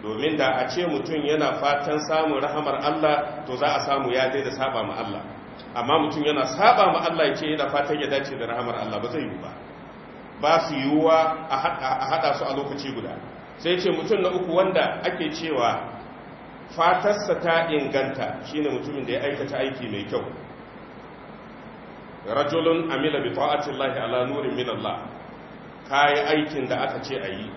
domin da a ce mutum yana fatan samun rahamar Allah to za a samu ya dai da saba ma Allah amma mutum yana saba ma Allah ya ce yana fatan ya dace da rahamar Allah ba zai yi ba ba su yiwuwa a haɗa su a lokaci guda sai ce mutum na uku wanda ake cewa fatarsa ta inganta shine mutumin da ya aikata aiki mai kyau rajulun amila bi Allah ala nurin min Allah kai aikin da aka ce ayi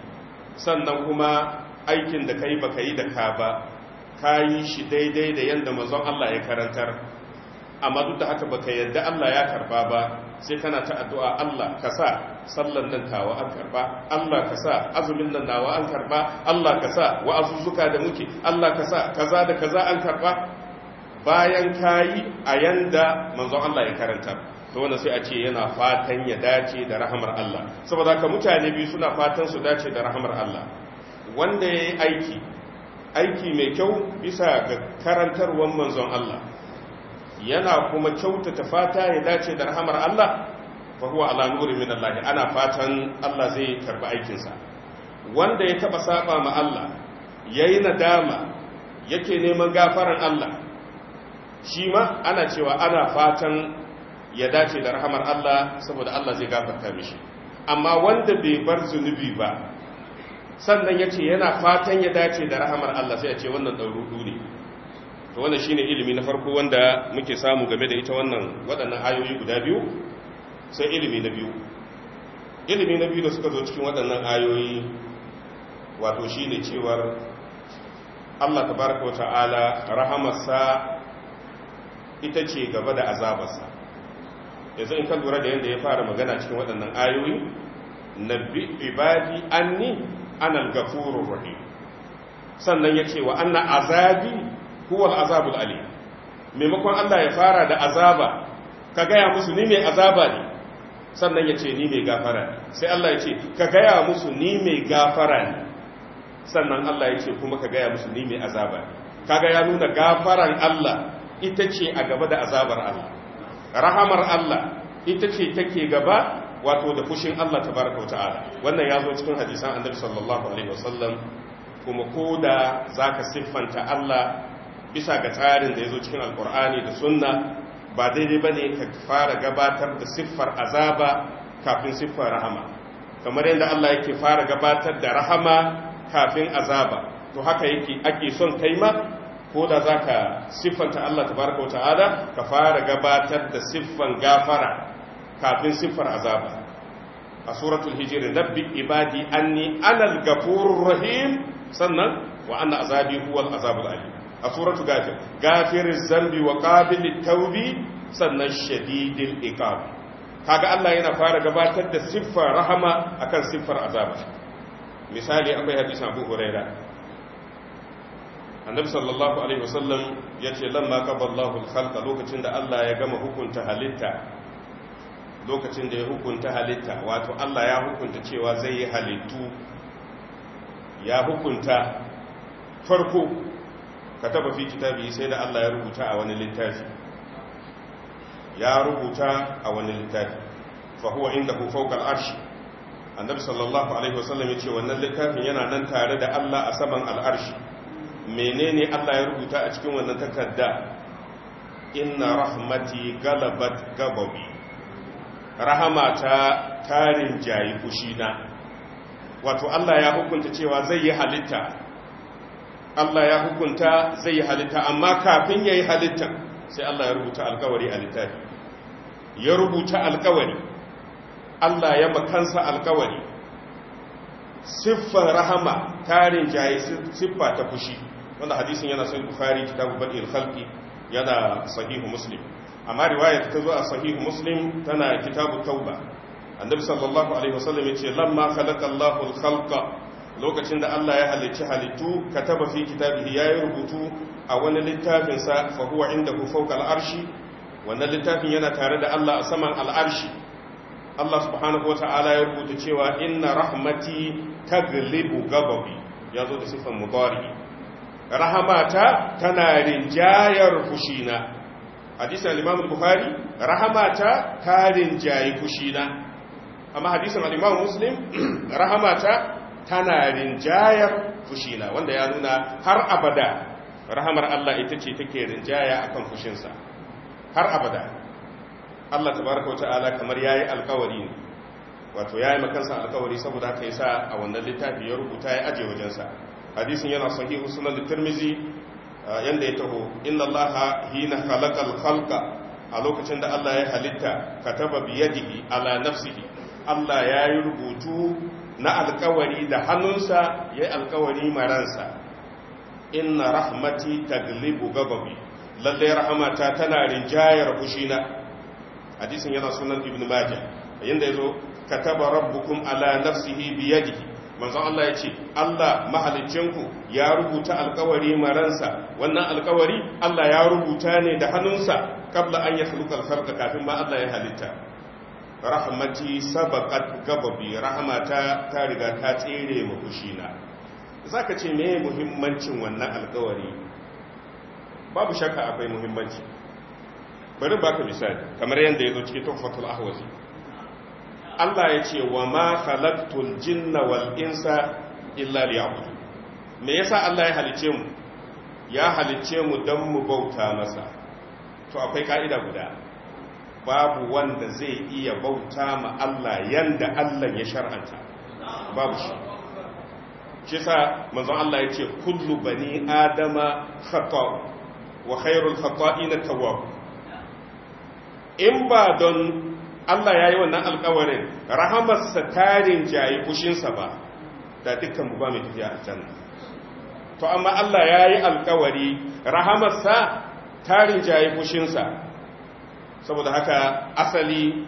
sannan kuma aikin da kai baka yi da ka ba kai shi daidai da yanda manzon Allah ya karantar amma duk da haka baka yadda Allah ya karba ba sai kana ta addu'a Allah ka sa sallan nan tawa an karba Allah ka sa azumin nan nawa an karba Allah ka sa wa'azuzzuka da muke Allah ka sa kaza da kaza an karba bayan kayi a yanda manzon Allah ya karanta to wannan sai a ce yana fatan ya dace da rahamar Allah saboda ka mutane biyu suna fatan su dace da rahamar Allah wanda ya yi aiki aiki mai kyau bisa ga karantarwar manzon Allah yana kuma kyautata fata ya dace da rahamar Allah fa huwa ala nuri min Allah ana fatan Allah zai karba aikinsa wanda ya taba saba ma Allah yayi nadama yake neman gafaran Allah shi ma ana cewa ana fatan ya dace da rahamar Allah saboda Allah zai gafarta mishi amma wanda bai bar zunubi ba sannan ya ce yana fatan ya dace da rahamar Allah sai ya ce wannan ɗaurudu ne to wannan shine ilimi na farko wanda muke samu game da ita wannan waɗannan ayoyi guda biyu sai ilimi na biyu ilimi na biyu da suka zo cikin waɗannan ayoyi wato shine cewar Allah tabaraka wa ta'ala rahamarsa ita ce gaba da azabarsa yanzu in ka lura da yadda ya fara magana cikin waɗannan ayoyi na ibadi anni an algafurun rahi sannan ya ce wa na azabi kuwa azabul ali maimakon Allah ya fara da azaba ka gaya musu ni mai azaba ne sannan ya ce ni mai gafara ne sai Allah ya ce ka gaya musu ni mai gafara ne sannan Allah ya ce kuma ka gaya musu ni mai azaba ne kaga ya nuna gafaran Allah ita ce a gaba da azabar Allah rahamar Allah ita ce take gaba wato da fushin Allah tabaraka wa ta'ala wannan ya zo cikin hadisan annabi sallallahu alaihi wasallam kuma ko da zaka siffanta Allah bisa ga tsarin da ya zo cikin alkur'ani da sunna ba daidai ba ne ka fara gabatar da siffar azaba kafin siffar rahama kamar yadda Allah yake fara gabatar da rahama kafin azaba to haka yake ake son kai ma ko da za ka siffanta Allah ta tabaraka wata'ala ka fara gabatar da siffan gafara kafin siffar azaba a suratul hijri nabbi ibadi anni anal gafurur rahim sannan wa anna azabi huwal azabul alim a suratul gafir gafiriz zambi wa qabilit tawbi sannan shadidil iqab kaga Allah yana fara gabatar da siffar rahama akan siffar azaba misali akwai hadisin Abu Hurairah annabi sallallahu alaihi wasallam ya ce lamma qaballahu al-khalqa lokacin da Allah ya gama hukunta halitta lokacin da ya hukunta halitta wato Allah ya hukunta cewa zai yi halittu ya hukunta farko ka taba fi kitabi sai da Allah ya rubuta a wani littafi ya rubuta a wani littafi fa huwa indahu fawqa al-arsh annabi sallallahu alaihi wasallam ya ce wannan littafin yana nan tare da Allah a saman al menene Allah ya rubuta a cikin wannan takarda inna rahmati galabat gababi rahamata tarin jayi kushina. wato Allah ya hukunta cewa zai yi halitta Allah ya hukunta zai yi halitta amma kafin ya yi halitta sai Allah ya rubuta alkawari a littafi ya rubuta alkawari Allah ya makansa alkawari siffar rahama tarin jayi siffa ta fushi wanda hadisin yana sahih bukhari kitabu badil khalqi yana sahihu muslim amma riwaya ta zo a sahihu muslim tana kitabu tauba annabi sallallahu alaihi wasallam yace lamma khalaqa al-khalqa lokacin da Allah ya halicci halittu kataba fi kitabihi yayi rubutu a wani littafin sa fa huwa indahu fawqa al-arshi wannan littafin yana tare da Allah a saman al-arshi Allah subhanahu wata'ala ya rubuta cewa inna rahmati taglibu ya zo da sifan mudari rahamata tana rinjayar fushina hadisi al-imam al-bukhari rahamata ta rinjayi fushina amma hadisin al-imam muslim rahamata tana rinjayar fushina wanda ya nuna har abada rahamar Allah ita ce take rinjaya akan fushinsa har abada Allah tabaraka wa ta'ala kamar yayi alƙawari ne wato yayi makansa alƙawari saboda haka sa a wannan littafin ya rubuta ya aje wajensa hadisin yana sahihu sunan tirmizi ah, yanda ya taho inna allaha hina khalaqal khalqa a lokacin da Allah ya halitta kataba biyadihi ala nafsihi Allah ya yi rubutu na alkawari da hannunsa ya yi alkawari maransa inna rahmati taglibu gababi lalle rahmata tana rinjayar bushina hadisin yana sunan ibn majah yanda yazo kataba rabbukum ala nafsihi biyadihi manzon Allah ya ce Allah mahaliccinku ya rubuta alkawari maransa wannan alkawari Allah ya rubuta ne da hannunsa kabla an ya khuluqa al kafin ma Allah ya halitta rahmati sabaqat gababi rahmata ta riga ta tsere mu kushina zaka ce me muhimmancin wannan alkawari babu shakka akwai muhimmanci bari baka misali kamar yanda yazo cikin tuhfatul ahwazi Allah ya ce wa ma khalaqtul jinna wal insa illa liya'budu me yasa Allah ya halice mu ya halice mu don mu bauta masa to akwai ka'ida guda babu wanda zai iya bauta ma Allah yanda Allah ya shar'anta babu shi shi sa manzon Allah ya ce kullu bani adama khata' wa khairul khata'ina tawwab in ba don Allah ya yi wannan alkawarin rahamarsa tarin jayi fushinsa ba da dukkan mu ba mai tafiya can. to amma Allah ya yi alkawari rahamarsa tarin jayi fushinsa saboda haka asali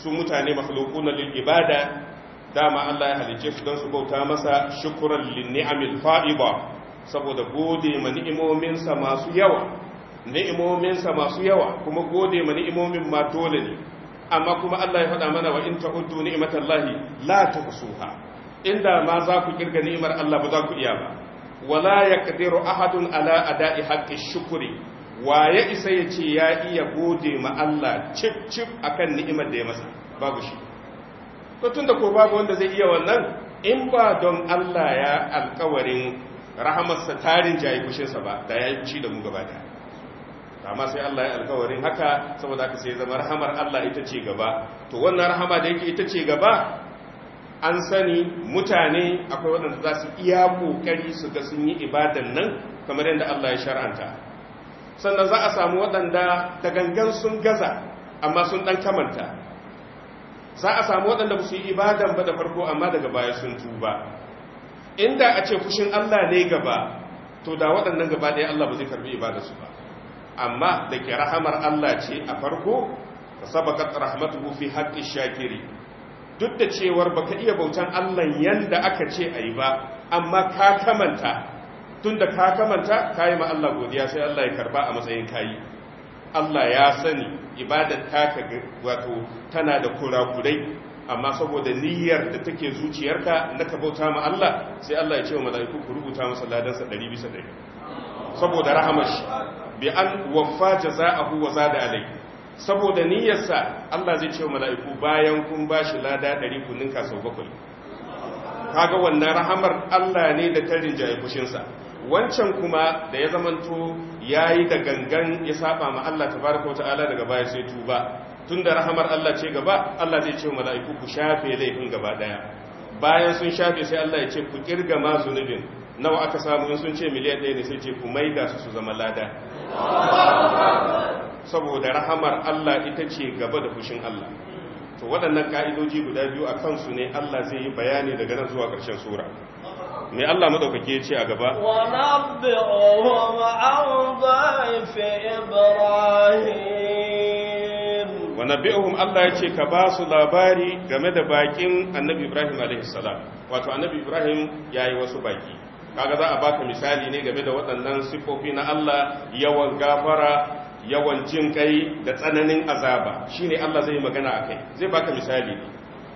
su mutane makhluquna lil ibada dama Allah ya halice su don su bauta masa shukran lin ni'amil fa'iba. saboda gode ma ni'imominsa masu yawa ni'imominsa masu yawa kuma gode ma ni'imomin ma dole ne amma kuma Allah ya faɗa mana wa in ta'uddu ni'matallahi la tuhsuha inda ma za ku kirga ni'imar Allah ba za ku iya ba wala ya yaqdiru ahadun ala ada'i haqqi shukri wa ya isa ya ce ya iya gode ma Allah cip cip akan ni'imar da ya masa babu shi to tunda ko babu wanda zai iya wannan in ba don Allah ya alkawarin rahamarsa tarin jayi kushinsa ba da ya ci da mu gaba daya amma sai Allah ya alkawarin haka saboda haka sai zama rahamar Allah ita ce gaba to wannan rahama da yake ita ce gaba an sani mutane akwai waɗanda za su iya ƙoƙari su ga sun yi ibadan nan kamar yadda Allah ya shar'anta sannan za a samu waɗanda da gangan sun gaza amma sun ɗan kamanta za a samu waɗanda ba su yi ibadan ba da farko amma daga baya sun tuba inda a ce fushin Allah ne gaba to da waɗannan gaba ɗaya Allah ba zai karbi ibadarsu ba amma da ke rahamar Allah ce a farko sabakat rahmatu fi haƙi shakiri duk da cewar ba ka iya bautan Allah yadda aka ce a yi ba amma ka kamanta tunda ka kamanta yi ma Allah godiya sai Allah ya karba a matsayin kayi Allah ya sani ibadar taka wato tana da kurakurai amma saboda niyyar da take zuciyarka na ka bauta ma Allah sai Allah ya ce wa mala'iku ku rubuta masa ladansa 200 bisa saboda rahamar shi bi an wafa jaza'ahu wa zada alai saboda niyyarsa Allah zai ce wa mala'iku bayan kun shi lada 100 kun ka sau bakwai kaga wannan rahamar Allah ne da tarin jaye kushinsa wancan kuma da ya zamanto yayi da gangan ya saba ma Allah tabaraka wa ta'ala daga baya sai tuba tunda rahamar Allah ce gaba Allah zai ce wa mala'iku ku shafe laifin gaba daya bayan sun shafe sai Allah ya ce ku kirga ma zunubin nawa aka samu in sun ce miliyan ɗaya ne sai ce ku maida su su zama lada saboda rahamar Allah ita ce gaba da fushin Allah to waɗannan ka'idoji guda biyu a kansu ne Allah zai yi bayani daga nan zuwa ƙarshen sura me Allah madaukake ya ce a gaba wa nabbi'uhum Allah ya ce ka ba su labari game da bakin annabi ibrahim alaihi salam wato annabi ibrahim yayi wasu baki kaga za a baka misali ne game da waɗannan sifofi na Allah yawan gafara yawan jin kai da tsananin azaba shine Allah zai magana akai zai baka misali ne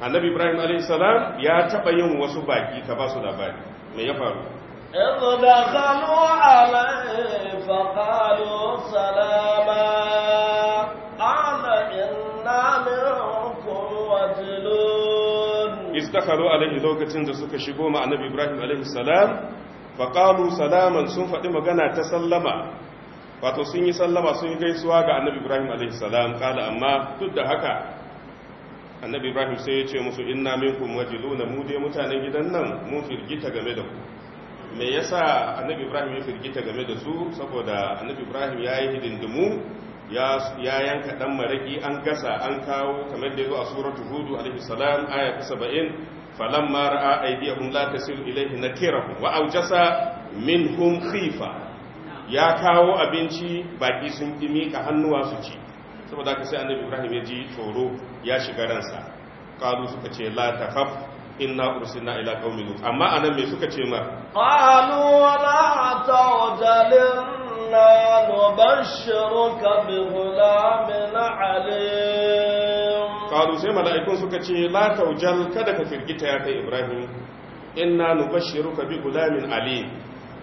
annabi Ibrahim alaihi salam ya taba yin wasu baki ka ba su labari me ya faru إذ دخلوا عليه lokacin da suka shigo ma annabi ibrahim alaihi salam faƙalu salaman sun faɗi magana ta sallama wato sun yi sallama sun yi gaisuwa ga annabi ibrahim alaihissalam ƙala amma duk da haka annabi ibrahim sai ya ce musu inna minkum na mu dai mutanen gidan nan mun firgita game da ku me yasa annabi ibrahim ya firgita game da su saboda annabi ibrahim ya yi hidindimu ya yanka ɗan maraki an gasa an kawo kamar da ya zo a suratu hudu alaihi salam aya falamma ra'a aydiyahum la tasilu ilayhi nakirahum wa awjasa minhum khifa ya kawo abinci baki sun kimi ka hannuwa su ci saboda haka sai annabi Ibrahim ya ji tsoro ya shiga ransa qalu suka ce la takhaf inna ursilna ila qaumi amma anan me suka ce ma qalu la ta'jalinna nubashshiruka bi ghulamin kalu sai mala'ikun suka ce la taujal kada ka firgita ya kai ibrahim inna nubashshiruka bi gulamin ali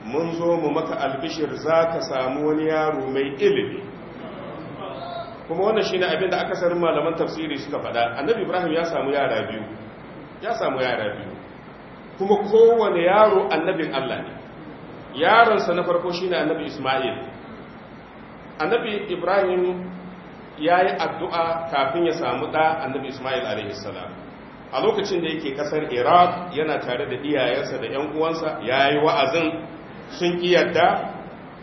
mun zo mu maka albishir za ka samu wani yaro mai ilimi kuma wannan shine abin da akasarin malaman tafsiri suka faɗa annabi ibrahim ya samu yara biyu ya samu yara biyu kuma kowane yaro annabin Allah ne yaronsa na farko shine annabi isma'il annabi ibrahim ya yi addu'a kafin ya samu ɗa annabi ismail a.s. a lokacin da yake kasar iraq yana tare da iyayensa da ‘yan uwansa ya yi wa'azin sun yadda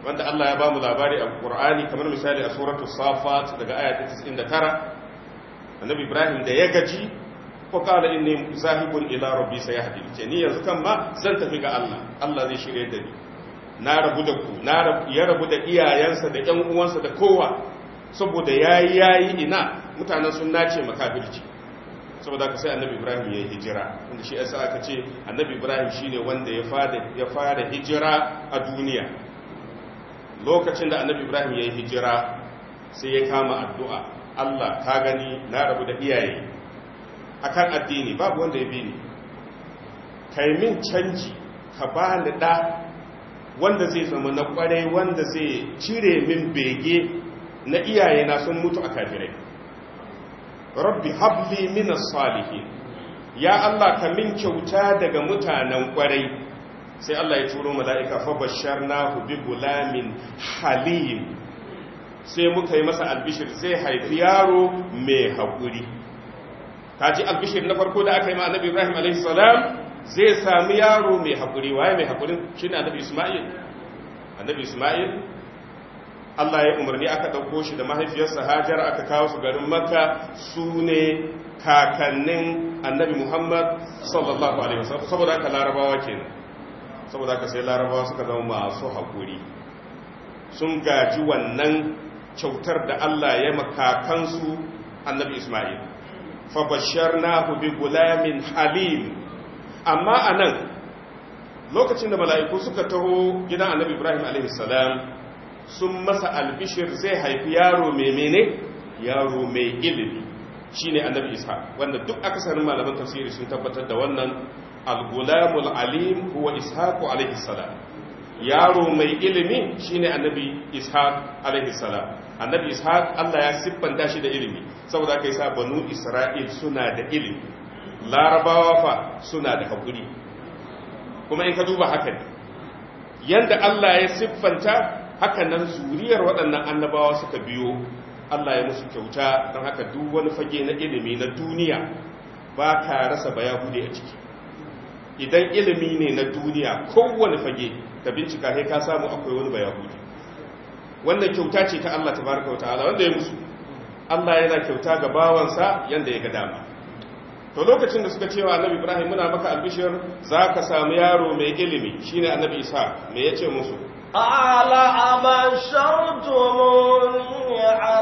wanda allah ya ba mu labari a ƙur'ani kamar misali a suratu safat daga ayata tara. annabi ibrahim da ya gaji ko ƙala in ne zahibun ila rabbi sai ya haɗi ni yanzu kan ma zan tafi ga allah allah zai shirya da ni na rabu da ku ya rabu da iyayensa da ‘yan uwansa da kowa saboda ya yi ya yi ina mutanen sun nace makafirci saboda ka sai annabi ibrahim ya yi hijira Wanda shi yasa aka ce annabi ibrahim shi ne wanda ya fara hijira a duniya lokacin da annabi ibrahim ya yi hijira sai ya kama addu'a Allah ta gani na rabu da iyaye akan addini babu wanda ya bi ni kai min canji ka ba ni da wanda zai zama na kwarai wanda zai cire min bege na iyaye na sun mutu a kafirai rabbi habli minas salihin ya Allah ka min kyauta daga mutanen kwarai sai Allah ya turo mala'ika fa basharnahu bi gulamin halim sai muka yi masa albishir zai haifi yaro mai haƙuri kaji albishir na farko da aka yi ma annabi Ibrahim alaihi salam zai sami yaro mai haƙuri waye mai haƙurin shine annabi Isma'il annabi Isma'il Allah ya umarni aka ɗauko shi da mahaifiyarsa hajar aka kawo su garin maka su ne kakannin annabi muhammad sallallahu alaihi wasallam saboda aka larabawa kenan saboda aka sai larabawa suka zama masu haƙuri sun gaji wannan kyautar da Allah ya makakansu annabi isma'il fa basharnahu bi gulamin halim amma anan lokacin da mala'iku suka taho gidan annabi ibrahim alaihi salam sun masa albishir zai haifi yaro mai mene yaro mai ilimi shine annabi isa wanda duk akasarin malaman tafsiri sun tabbatar da wannan al-gulamul alim huwa ishaqu alaihi salam yaro mai ilimi shine annabi ishaq alaihi salam annabi ishaq Allah ya siffanta shi da ilimi saboda kai sa banu isra'il suna da ilimi larabawa fa suna da hakuri kuma in ka duba haka ne yanda Allah ya siffanta haka nan zuriyar waɗannan annabawa suka biyo Allah ya musu kyauta don haka duk wani fage na ilimi na duniya ba ka rasa bayahude a ciki idan ilimi ne na duniya kowane fage ka bincika sai ka samu akwai wani bayahude wannan kyauta ce ta Allah tabaraka wa ta'ala wanda ya musu Allah yana kyauta ga bawansa yanda ya ga dama to lokacin da suka cewa annabi Ibrahim muna maka albishir ka samu yaro mai ilimi shine annabi Isa me ce musu قال أبشرتموني على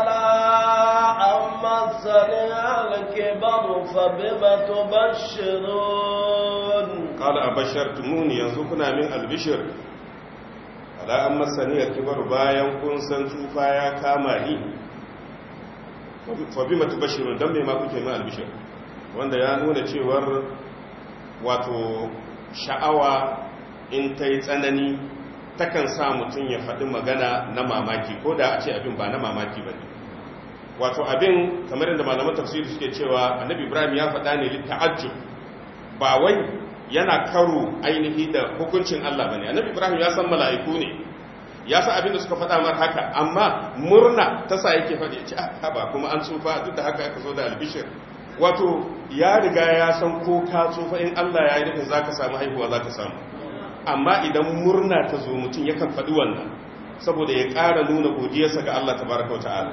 أن مسني الكبر فبم تبشرون قال أبشرتموني ينزقنا من البشر على أن مسني الكبر باين كن سنتوفا يا كامالي فبم تبشرون دم ما كنت من البشر wanda ya nuna cewar wato sha'awa in ta yi tsanani takan sa mutum ya faɗi magana na mamaki ko da a ce abin ba na mamaki ba wato abin kamar yadda malaman tafsiri suke cewa annabi ibrahim ya faɗa ne litta'ajjub ba wai yana karo ainihi da hukuncin allah ba ne annabi ibrahim ya san mala'iku ne ya san abin da suka faɗa mar haka amma murna ta sa yake faɗi ce a ah, ba kuma an tsufa duk da haka aka zo da albishir wato ya riga ya san ko ka tsufa in allah ya yi nufin za ka samu haihuwa za ka samu amma idan murna ta zo mutum ya kan faɗi wannan saboda ya ƙara nuna godiyarsa ga Allah tabaraka wa ta'ala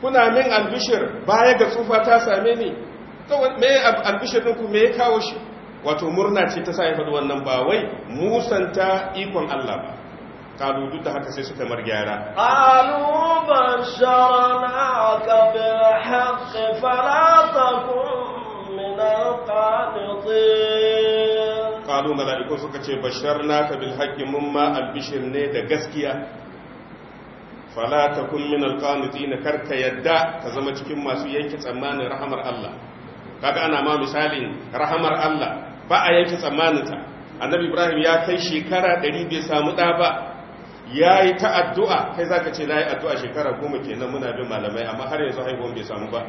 kuna min albishir baya ga tsufa ta same ni me albishir ku me ya kawo shi wato murna ce ta sa ya faɗi wannan ba wai musanta ikon Allah ba kalu duk da haka sai suka mar gyara sharana ka bil haqqi fala takun min al-qanitin kalu mala'iku suka ce ka bil haqqi mumma albishir ne da gaskiya fala ta kun min alqanitina karka yadda ka zama cikin masu yanke tsammanin rahamar Allah kaga ana ma misalin rahamar Allah ba a yanke tsammanin ta annabi Ibrahim ya kai shekara 100 bai samu da ba yayi ta addu'a kai zaka ce yi addu'a shekara goma kenan muna bin malamai amma har yanzu haihuwan bai samu ba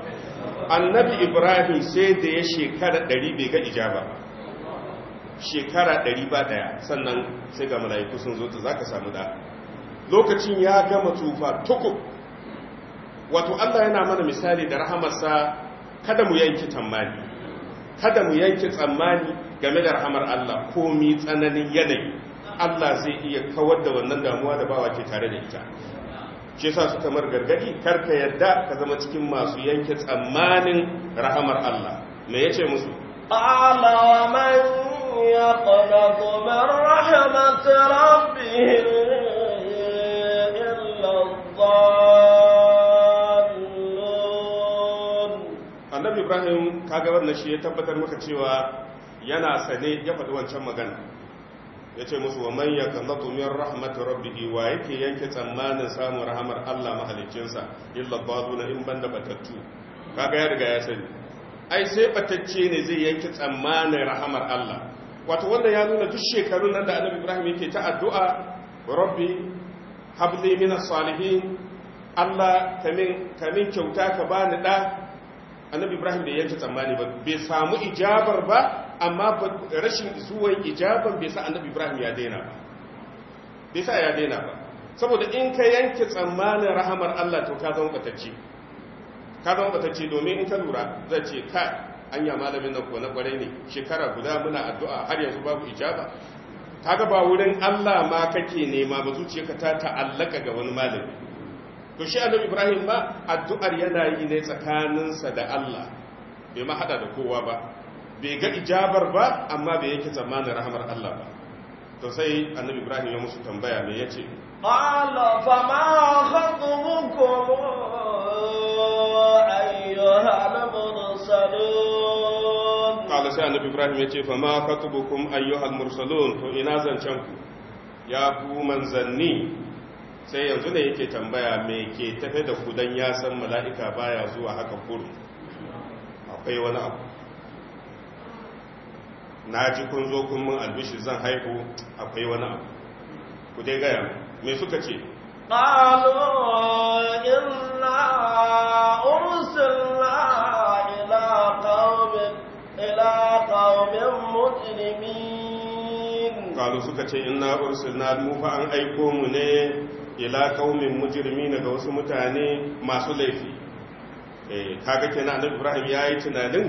annabi Ibrahim sai da ya shekara ɗari bai ga ijaba ba shekara ɗari ba ɗaya sannan sai ga mala'iku sun zo ta za ka samu da lokacin ya gama tufa tuku wato Allah yana mana misali da rahamarsa kada mu yanki tsammani kada mu yanki tsammani game da rahamar Allah komi tsananin yanayi Allah zai iya kawar da wannan damuwa da bawa ke tare da ita ce sa su kamar gargadi karka yadda ka zama cikin masu yanke tsammanin rahamar Allah me yace musu qala man يقنط من رحمة ربه إلا الضالون النبي إبراهيم كاغبر نشي يتبتر مكتشيوا yana sane ya faɗi wancan magana ya ce musu wa manya kan zato min rahmat rabbihi wa yake yanke tsammanin samun rahamar Allah mahalicinsa illa na in banda batattu kaga ya riga ya sani ai sai batacce ne zai yanke tsammanin rahamar Allah wato wanda ya nuna duk shekarun nan da annabi ibrahim yake ta addu'a rabbi habli min salihin allah kamin kyauta ka bani da annabi ibrahim bai yanke tsammani ba bai samu ijabar ba amma rashin zuwan ijabar bai sa annabi ibrahim ya daina ba bai sa ya daina ba saboda in ka yanke tsammanin rahamar allah to ka zama batacce ka zama batacce domin in ka lura zai ce kai hanya malamin nan ko na kwarai ne shekara guda muna addu'a har yanzu babu ijaba kaga ba wurin Allah ma kake nema ba zuciyarka ta ta'allaka ga wani malami to shi annabi Ibrahim ba addu'ar yana yi ne tsakaninsa da Allah bai ma hada da kowa ba bai ga ijabar ba amma bai yake zamanin rahmar Allah ba to sai annabi Ibrahim ya musu tambaya me yace qala ma khatumukum annabi ibrahim ya ce fa ma katubukum ayyuhal mursalun to ina zancen ku ya ku manzanni sai yanzu ne yake tambaya me ke tafe da ku dan ya san mala'ika baya zuwa haka kuri akwai wani abu na ji kun zo kun mun albishi zan haihu akwai wani abu ku dai gaya me suka ce قالوا إنا أرسلنا muslimin suka ce inna ursilna mu fa an aiko mu ne ila qaumin mujrimina ga wasu mutane masu laifi eh kaga kenan annabi Ibrahim yayi tunanin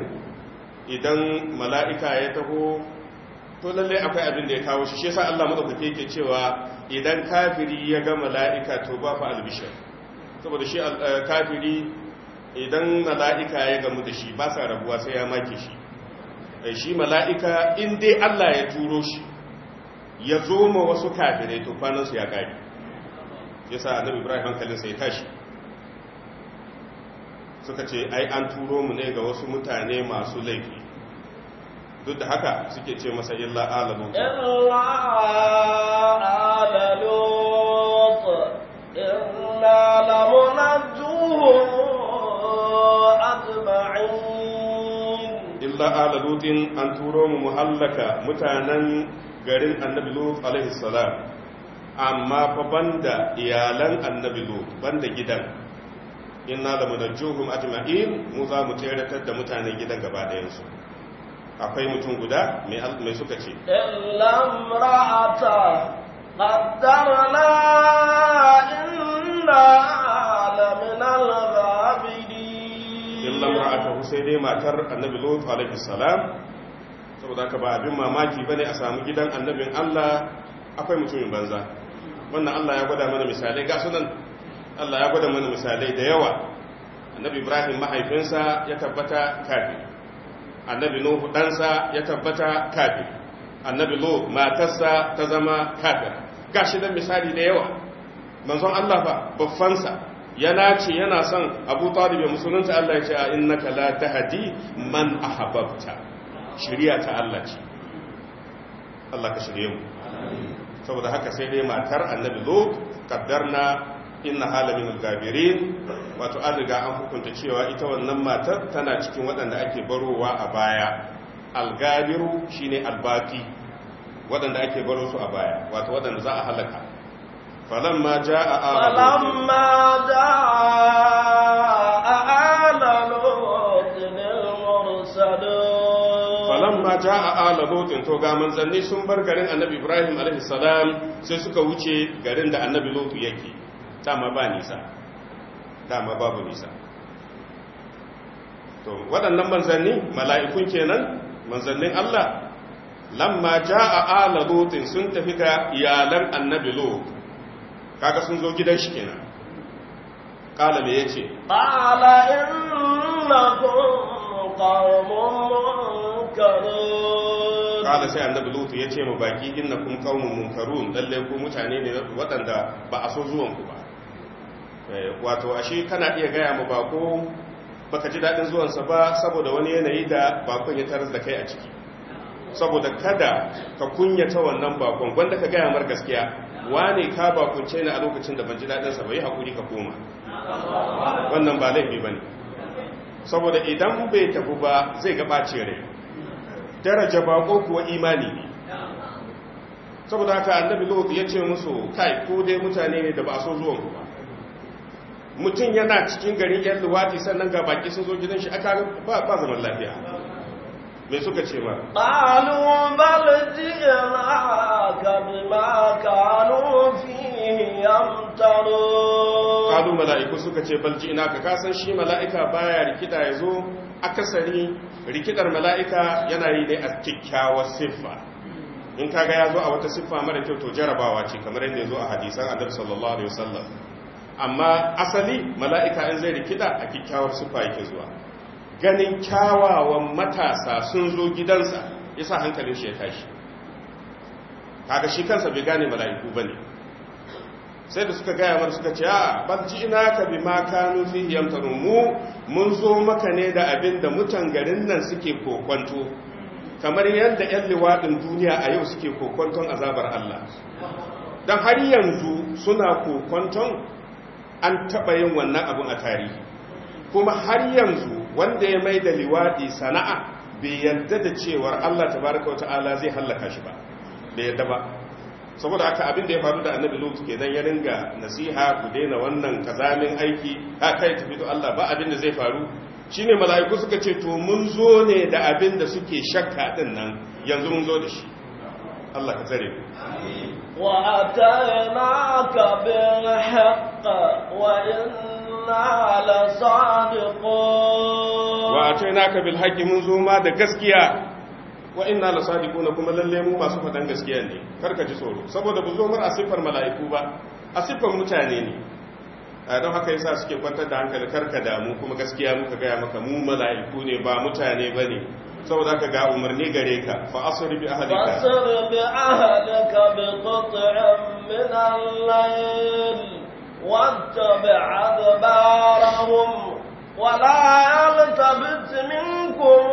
idan mala'ika ya taho to lalle akwai abin da ya kawo shi shi yasa Allah madaukake yake cewa idan kafiri ya ga mala'ika to ba fa albishar saboda shi kafiri idan mala'ika ya gamu da shi ba sa rabuwa sai ya make shi Eh, shi mala'ika in dai Allah ya turo shi ya zo ma wasu kafirai to kwanansu ya gari ya sa annabi ibrahim hankalinsa ya tashi suka ce ai an turo mu ne ga wasu mutane masu laifi duk da haka suke ce masa illa alamun illa alalut illa illa ala lutin an turo mu muhallaka mutanen garin annabi lut alaihi salam amma fa banda iyalan annabi lut banda gidan inna la munajjuhum ajma'in mu za mu tseratar da mutanen gidan gaba ɗayan su akwai mutum guda mai suka ce illa ra'ata qaddarna inna la min al illa ra'atahu sai dai matar annabi lut alaihi salam saboda ka ba abin mamaki bane a samu gidan annabin Allah akwai mutumin banza wannan Allah ya gwada mana misalai ga sunan Allah ya gwada mana misalai da yawa annabi Ibrahim mahaifinsa ya tabbata kafir annabi Nuhu dansa ya tabbata kafir annabi Lut matarsa ta zama kafir gashi dan misali da yawa manzon Allah fa babbansa ya ce yana son abu talib ya musulunta Allah ya ce a ka la hadi man hababta shirya ta Allah ce Allah ka shirye mu saboda haka sai dai matar annabi lut kaddarna inna hala min gabirin wato an riga an hukunta cewa ita wannan matar tana cikin waɗanda ake barowa a baya al shine al waɗanda ake baro su a baya wato waɗanda za a halaka فلما جاء آل فلما جاء آل لوط المرسلون فلما جاء to ga manzanni sun bar garin Annabi Ibrahim alaihi salam sai suka wuce garin da Annabi Lot yake dama ba nisa dama babu nisa to waɗannan manzanni mala'ikun kenan manzannin Allah lamma a ala lutin sun tafi ga iyalan annabi lut kaga sun zo gidan shi kenan kala me yace qala innakum qawmun munkarun kala sai annabi lutu yace mu baki innakum qawmun munkarun lalle ku mutane ne wadanda ba a so zuwan ku ba eh, wato ashe kana iya gaya mu ko baka ji dadin sa ba saboda wani yanayi da bakon ya tarar da kai a ciki saboda kada ka kunyata wannan bakon gwanda ka gaya mar gaskiya wane ka ba kunce ni a lokacin da ban ji daɗinsa ba yi haƙuri ka koma wannan ba laifi ba ne saboda idan bai tafi ba zai gabace rai daraja ba ko kuwa imani ne saboda haka annabi lokacu ya ce musu kai ko dai mutane ne da ba so zuwan ba mutum yana cikin garin yan luwati sannan ga baki sun zo gidan shi aka ba zaman lafiya mai suka ce ma ƙalu balji bima kanu fihi yamtaru suka ce balji ina ka kasan shi mala'ika baya rikida ya zo akasari rikidar mala'ika yana yi ne a kyakkyawar siffa in kaga ya zo a wata siffa mara kyau to jarabawa ce kamar yadda ya zo a hadisan annabi sallallahu alaihi wasallam amma asali mala'ika in zai rikida a kyakkyawar siffa yake zuwa ganin kyawawan matasa sun zo gidansa ya sa hankalin shi ya tashi kaga shi kansa bai gane mala'iku ne. sai da suka gaya wani suka ce a barci ina ka bi ma nufi yamtar mu mun zo maka ne da abin da mutan garin nan suke kokonto kamar yadda yan liwaɗin duniya a yau suke kokonton azabar Allah Don har yanzu suna kokonton an taɓa yin wannan abin a tarihi kuma har yanzu wanda ya mai da liwadi sana'a bai yarda da cewar Allah tabaraka wa ta'ala zai hallaka shi ba bai yarda ba saboda haka abin da ya faru da annabi lut kenan ya ringa nasiha ku daina wannan kazamin aiki ha kai tafi to Allah ba abin da zai faru shine mala'iku suka ce to mun zo ne da abin da suke shakka din nan yanzu mun zo da shi Allah ka tsare ku wa atainaka bil haqq wa inna inna lasadiqun wa atainaka bil haqqi mun zo ma da gaskiya wa inna lasadiquna kuma lalle mu masu fadan gaskiya ne karka ji tsoro saboda bu zo mar a mala'iku ba a mutane ne don haka yasa suke kwantar da hankali karka damu kuma gaskiya muka gaya maka mu mala'iku ne ba mutane bane saboda ka ga umarni gare ka fa asri bi ahlika asri bi ahlika bi qat'an min al-layl واتبع أدبارهم ولا يلتفت منكم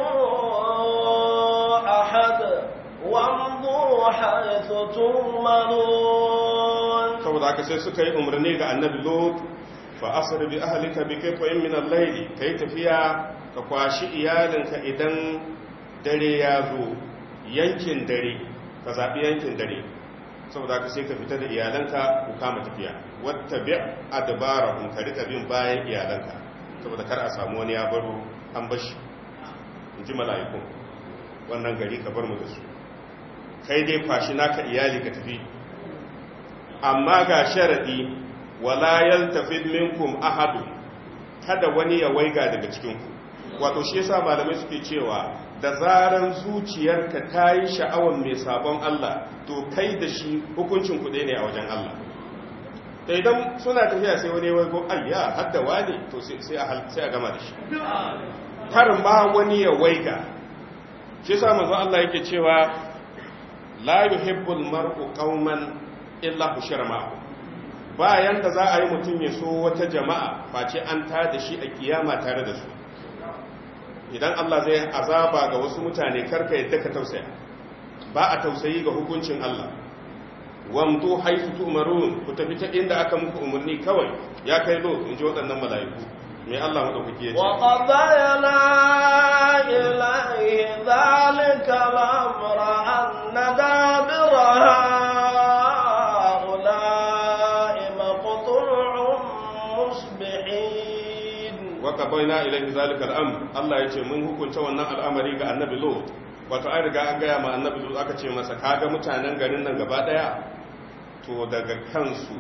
أحد وامضوا حيث تؤمنون saboda haka sai suka yi umarni ga annabi lut fa asri bi ahlika bi kayfin min al-layl kai tafiya ka kwashi iyalinka idan dare ya zo yankin dare ka zabi yankin dare saboda ka sai ka fita da iyalanka ku kama tafiya Wata kun kari ka bin bayan iyalanka saboda kar a samu wani ya baro an bashi in ji mala'ikun wannan gari ka bar mu da su kai dai fashi naka iyali ka tafi amma ga sharadi wala yaltafid minkum ahadun kada wani ya waiga daga ku wato shi yasa malamai suke cewa da zaran zuciyarka ta yi sha'awar mai sabon Allah to kai da shi hukuncin kuɗe ne a wajen Allah da idan suna tafiya sai wani ko, ayya hadda wani to sai a gama da shi karin ba wani ya waiga shi sa mazu Allah yake cewa la yuhibbul mar'u qauman illa hushira ma'ahu bayan da za a yi mutum ya so wata jama'a face an tada shi a ƙiyama tare da su idan Allah zai azaba ga wasu mutane karka yadda ka tausaya ba a tausayi ga hukuncin Allah wamdu haifu tumarun ku tafi ta inda aka muku umarni kawai ya kai lo in ji waɗannan mala'iku mai Allah maɗaukaki ya ce wa qadayna zalika qadaina ilayhi zalika al Allah ya ce mun hukunta wannan al'amari ga annabi lo wato an riga an gaya ma annabi lo aka ce masa ka ga mutanen garin nan gaba daya to daga kansu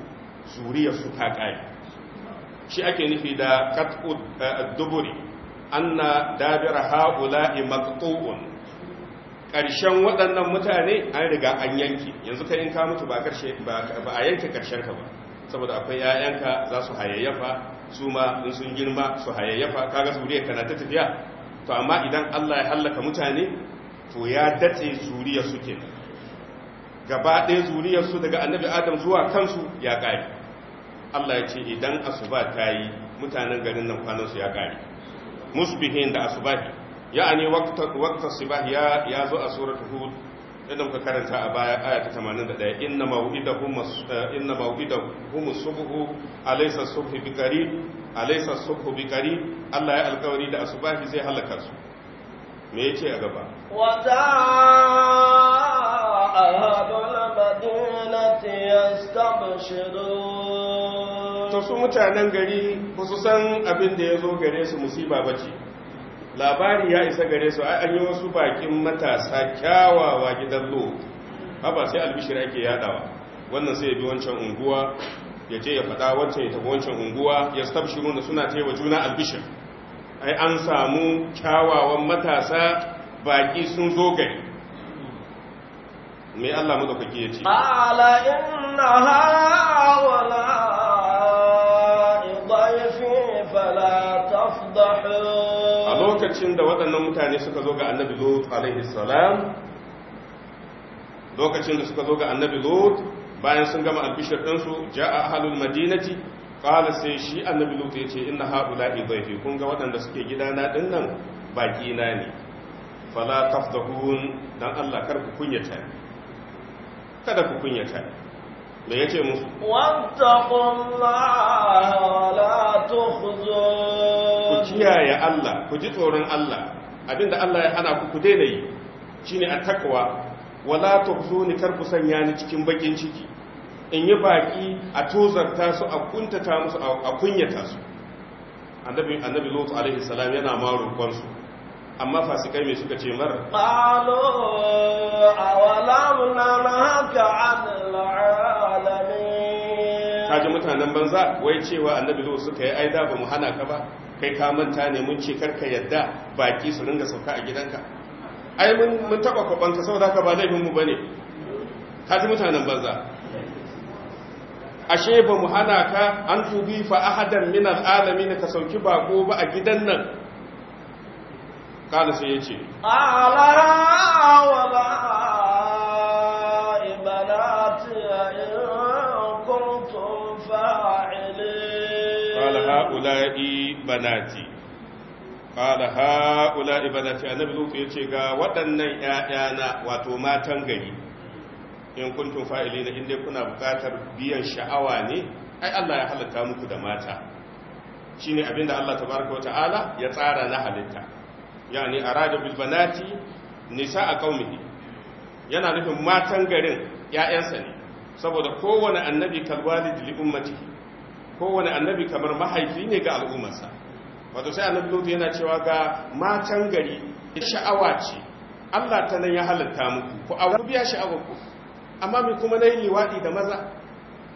zuriyar su ta kai shi ake nufi da kat'u eh, ad-duburi anna dabira haula'i maqtu'un karshen waɗannan mutane an riga an yanki yanzu kai in ka mutu ba a yanke karshen ka ba saboda akwai 'ya'yanka za su hayayyafa su ma in sun girma su hayayyafa kaga zuriyar kana ta tafiya to amma idan Allah ya halaka mutane to ya datse zuriyar su ke. gaba ɗaya zuriyar su daga annabi adam zuwa kansu ya ƙare Allah ya ce idan asuba ta yi mutanen garin nan kwanan su ya ƙare musbihin da asubahi ya ne waqta subah ya ya zo a suratul hud inda muka karanta a baya aya ta 81 inna mawidahum eh, inna mawidahum subhu alaysa subhu biqarib alaysa subhu qarib Allah ya alkawari da asubahi zai halaka su me yace a gaba wada ahadul madinati yastabshiru to su mutanen gari ba su san abin da ya zo gare su musiba bace labari ya isa gare su ai an yi wasu bakin matasa kyawawa gidan lo haba sai albishir ake yadawa wannan sai ya bi wancan unguwa ya je ya faɗa wancan ya tafi wancan unguwa ya stabshiru da suna ce wa juna albishir ai an samu kyawawan matasa baki sun zo gari mai Allah madaukaki ya ce ala inna wala lokacin da waɗannan mutane suka zo ga annabi lut alaihi salam lokacin da suka zo ga annabi lut bayan sun gama albishir ɗinsu ja'a ahlul madinati qala sai shi annabi lut ya ce inna haula'i dhayfi kun ga waɗanda suke gidana din nan baki na ne fala tafdahun dan Allah kar ku kunyata kada ku kunyata da ya musu wattaqullaha wa la kiyaye Allah ku ji tsoron Allah abinda Allah ya hana ku ku daina yi shine takwa wala tukhzuni kar ku sanya ni cikin bakin ciki in yi baki a tozarta su a kuntata musu a kunyata su annabi annabi lutu alaihi salam yana ma roƙon su amma fasikai me suka ce mar qalo awalam nanaka al'alamin kaji mutanen banza wai cewa annabi lutu suka yi aida ba mu hana ka ba kai ka manta ne mun ce karka yadda baki su ringa sauka a gidanka ai mun taba kwabanka saboda ka ba laifinmu ba ne ka ji mutanen banza ashe ba mu hana ka an tubi fa ahadan min al'alamin ka sauki bako ba a gidan nan kala sai yace ala wala ya ha'ula'i banati qala ha'ula'i banati annabi lutu yace ga waɗannan ƴaƴana wato matan gari in kuntum fa'ilina na kuna buƙatar biyan sha'awa ne ai Allah ya halatta muku da mata shine abinda Allah wa ta’ala ya tsara na halitta yani arada bil banati nisa'a qaumihi yana nufin matan garin ƴaƴansa ne saboda kowane annabi kalwalid li ummatihi kowane annabi kamar mahaifi ne ga al'ummarsa wato sai annabi lutu yana cewa ga matan gari sha'awa ce Allah ta nan ya halatta muku ku wani biya sha'awar ku amma me kuma na yi liwaɗi da maza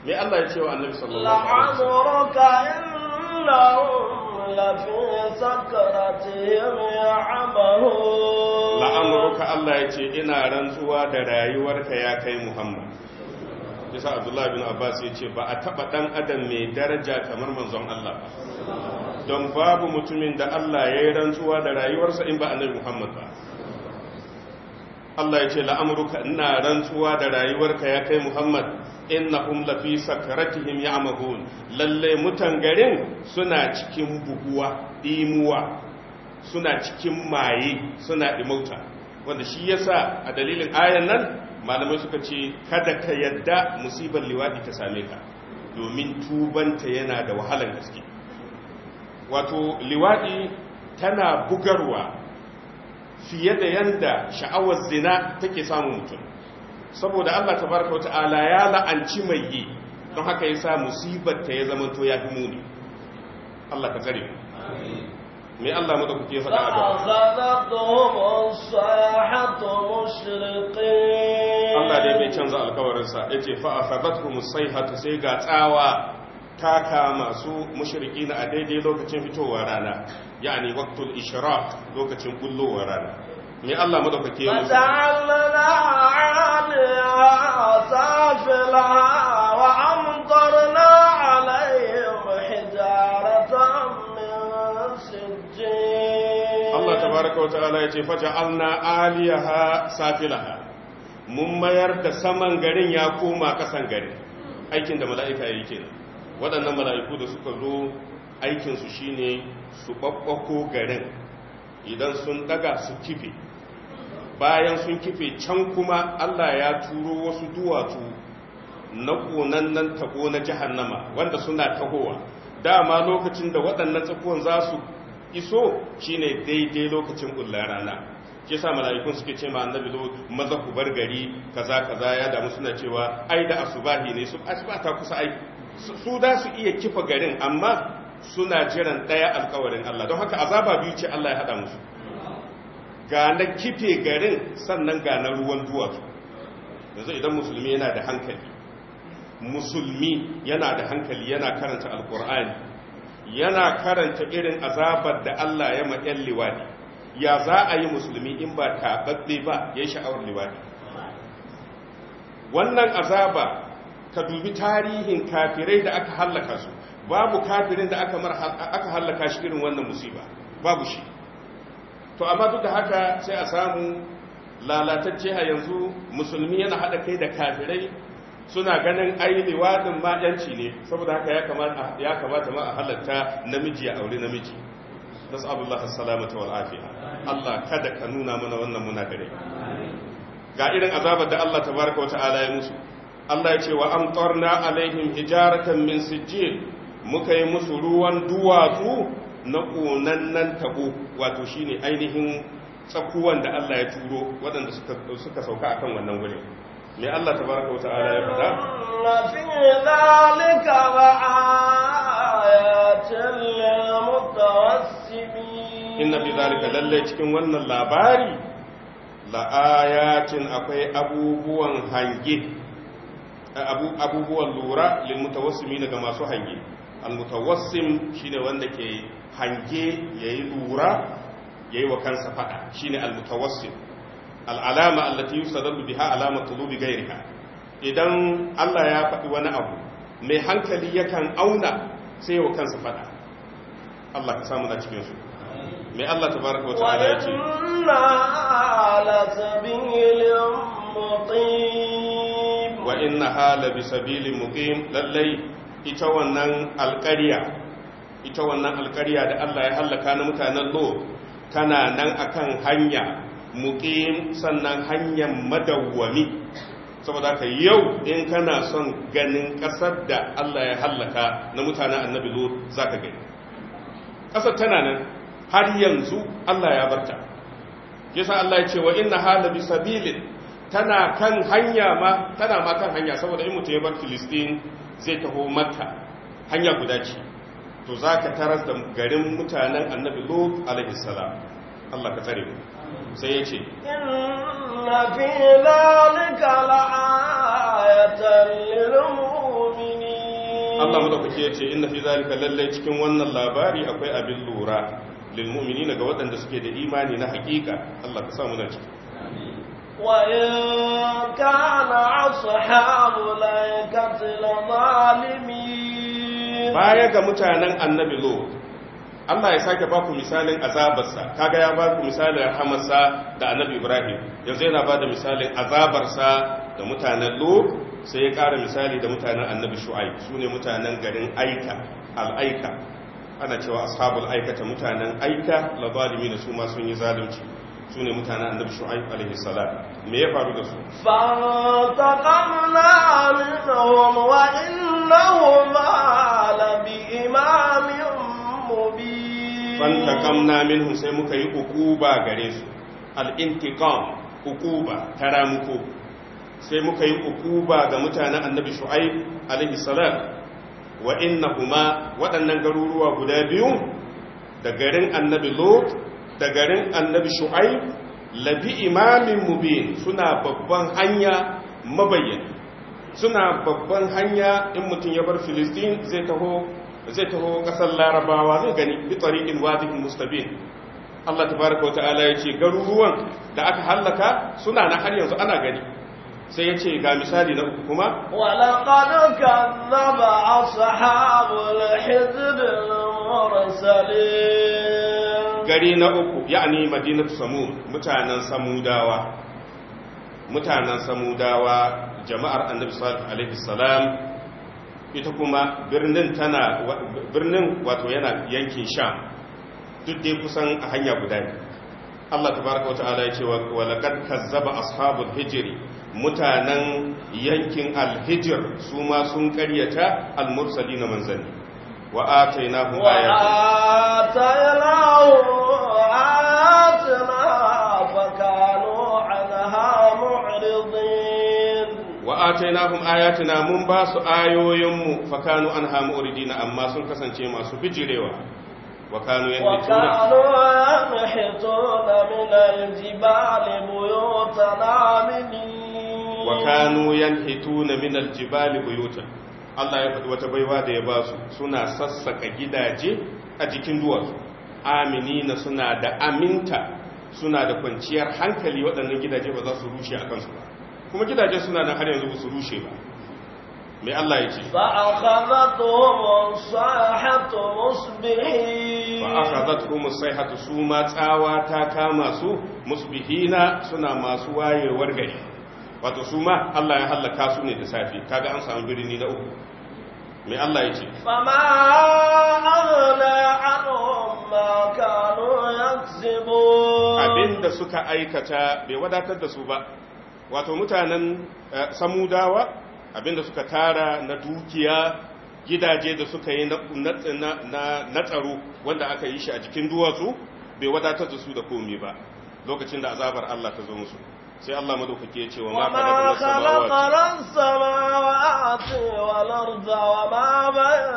me Allah ya ce wa annabi sallallahu alaihi Allah ya ce ina rantsuwa da rayuwarka ya kai Muhammad yasa abdullahi bin abbas ya ce ba a taba dan adam mai daraja kamar manzon Allah don babu mutumin da Allah ya yi rantsuwa da rayuwarsa in ba annabi Muhammad ba Allah ya ce la'amruka ina rantsuwa da rayuwarka ya kai Muhammad innahum lafi sakaratihim ya'mahun lalle mutan garin suna cikin buguwa ɗimuwa, suna cikin maye suna dimauta wanda shi yasa a dalilin ayan nan malamai suka ce kada ka yadda musibar liwaɗi ta same ka domin tubanta yana da wahalar gaske wato liwaɗi tana bugarwa fiye da yadda sha'awar zina take samun mutum saboda Allah Ta wata ala ya la'anci mai yi don haka yasa musibar ta ya zama to ya fi muni Allah ka tsare me Allah madaukake ya faɗa a gaba Allah dai bai canza alkawarinsa ce fa akhadathum ku sayhatu sai ga tsawa ta kama su mushriki na a daidai lokacin fitowar rana yani waqtul ishraq lokacin bullowar rana me Allah faɗa a musu tabaraka wa ta'ala ya ce safe aliyaha safilaha mun mayar da saman garin ya koma kasan gari aikin da mala'ika yi kenan waɗannan mala'iku da suka zo aikinsu shine su ɓaɓɓako garin idan sun ɗaga su kife bayan sun kife can kuma Allah ya turo wasu duwatsu na ƙonannan taɓo na jahannama wanda suna tahowa dama lokacin da waɗannan tsakuwan za su iso shine daidai lokacin ƙullar rana ke sa mala'ikun suke ce ma annabi lo maza ku bar gari kaza kaza ya damu suna cewa ai da asubahi ne su asuba kusa ai su da su iya kifa garin amma suna jiran daya alkawarin Allah don haka azaba biyu ce Allah ya hada musu ga na kife garin sannan ga na ruwan duwatsu yanzu idan musulmi yana da hankali musulmi yana da hankali yana karanta alkur'ani yana karanta irin azabar da Allah ya maƙyan liwadi ya za a yi musulmi in ba taɓaɓɓe ba ya yi sha'awar liwadi wannan azaba ka dubi tarihin kafirai da aka hallaka su babu kafirin da aka hallaka shi irin wannan musiba babu shi to amma duk da haka sai a samu lalatacce a yanzu musulmi yana haɗa kai da kafirai suna ganin ai liwadin ma yanci ne saboda haka ya kamata ya kamata ma a halatta namiji ya aure namiji nas'alullah salamata wal afiya Allah kada ka nuna mana wannan muna gare ga irin azabar da Allah Ta wa ta'ala ya musu Allah ya ce wa amtarna alaihim hijaratan min sijjil muka yi musu ruwan duwatsu na konannan tabo wato shine ainihin tsakuwan da Allah ya turo waɗanda suka sauka akan wannan wurin me Allah ta baraka wa ta'ala ya faɗa na fi dalika wa ayatin lil inna fi dalika lalle cikin wannan labari la ayatin akwai abubuwan hange abubuwan lura lil mutawassimin ga masu hange al mutawassim shine wanda ke hange yayi lura yayi wa kansa fada shine al mutawassim al'alama allati yustadallu biha alama qulubi ghayriha idan Allah ya faɗi wani abu mai hankali yakan auna sai wa kansa faɗa Allah ka samu da cikinsu. mai Allah ta tabaraka wa ta'ala ya ce wa inna hala bi sabilin muqim lallai ita wannan alƙarya ita wannan alƙarya da Allah ya hallaka na mutanen lo kana nan akan hanya muqim sannan hanyar madawwami saboda ka yau in kana son ganin ƙasar da Allah ya hallaka na mutanen annabi za ka gani ƙasar tana nan har yanzu Allah ya barta yasa Allah ya ce wa inna hala bi sabilin tana kan hanya ma tana ma kan hanya saboda in mutum ya bar Filistin zai taho Makka hanya guda ce to zaka taras da garin mutanen annabi lut alaihi salam Allah ka tsare mu sai ya ce inna fi zalika la'ayatan lil Allah madaukaki ya ce inna fi zalika lallai cikin wannan labari akwai abin lura lil mu'minina ga waɗanda suke da imani na hakika Allah ka sa mu na ciki وإن كان أصحاب الأيكة لظالمين baya ga mutanen annabi lo Allah ya sake baku misalin azabarsa kaga ya baku misalin rahamarsa da annabi Ibrahim yanzu yana ba da misalin azabarsa da mutanen Lut sai ya ƙara misali da mutanen annabi su ne mutanen garin Aika al-Aika ana cewa ashabul aikata mutanen Aika la da su ma sun yi zalunci su ne mutanen annabi shu'aib alaihi salam me ya faru da su fantaqamna minhum wa innahum la bi imamin mubin fantakamna minhum sai muka yi ukuba gare su al-intiqam ukuba taramuko sai muka yi ukuba ga mutanen annabi shu'aib alaihi salam wa innahuma waɗannan garuruwa guda biyu da garin annabi lot da garin annabi shu'aib labi imamin mubin suna babban hanya mabayyana suna babban hanya in mutum ya bar filistin zai taho zai taho kasar larabawa zai gani bi tsarikin wadihin mustabin Allah tabaraka wata'ala ya ce garuruwan da aka hallaka suna na har yanzu ana gani sai ya ce ga misali na uku kuma walaƙad kazzaba ashabul hizb mursalin gari na uku yani madinatu samud mutanen samudawa mutanen samudawa jama'ar annabi sallallahu alaihi wasallam ita kuma birnin tana birnin wato yana yankin sham duk dai kusan a hanya guda ne Allah tabaraka wata'ala ya ce wa laqad kazzaba ashabul hijri mutanen yankin al-hijr su ma sun karyata al-mursalin manzali wa atainahum ayatuna atainahum ayatina mun ba su ayoyinmu fa kanu anha amma sun kasance masu bijirewa wa kanu yanhituna wa min aljibal buyutan Allah ya faɗi wata baiwa da ya ba su suna sassaka gidaje a jikin duwatsu aminina suna da aminta suna da kwanciyar hankali waɗannan gidaje ba za su rushe a kansu ba kuma gidajen suna nan har yanzu su rushe ba mai Allah ya ce fa'akhazatum sayhatu su ma tsawa ta kama su musbihina suna masu wayewar gari wato su ma Allah ya halaka su ne da safi kaga an samu birni na uku mai Allah ya ce fama aghla anhum ma kanu yakzibu abinda suka aikata bai wadatar da su ba wato mutanen eh, samudawa abinda suka tara na dukiya gidaje da suka yi na tsaro wanda aka yi shi a jikin duwatsu bai wadatar da su da komi ba lokacin da azabar Allah ta zo musu sai Allah madaukake ya ce wa ma khalaqna samawati wa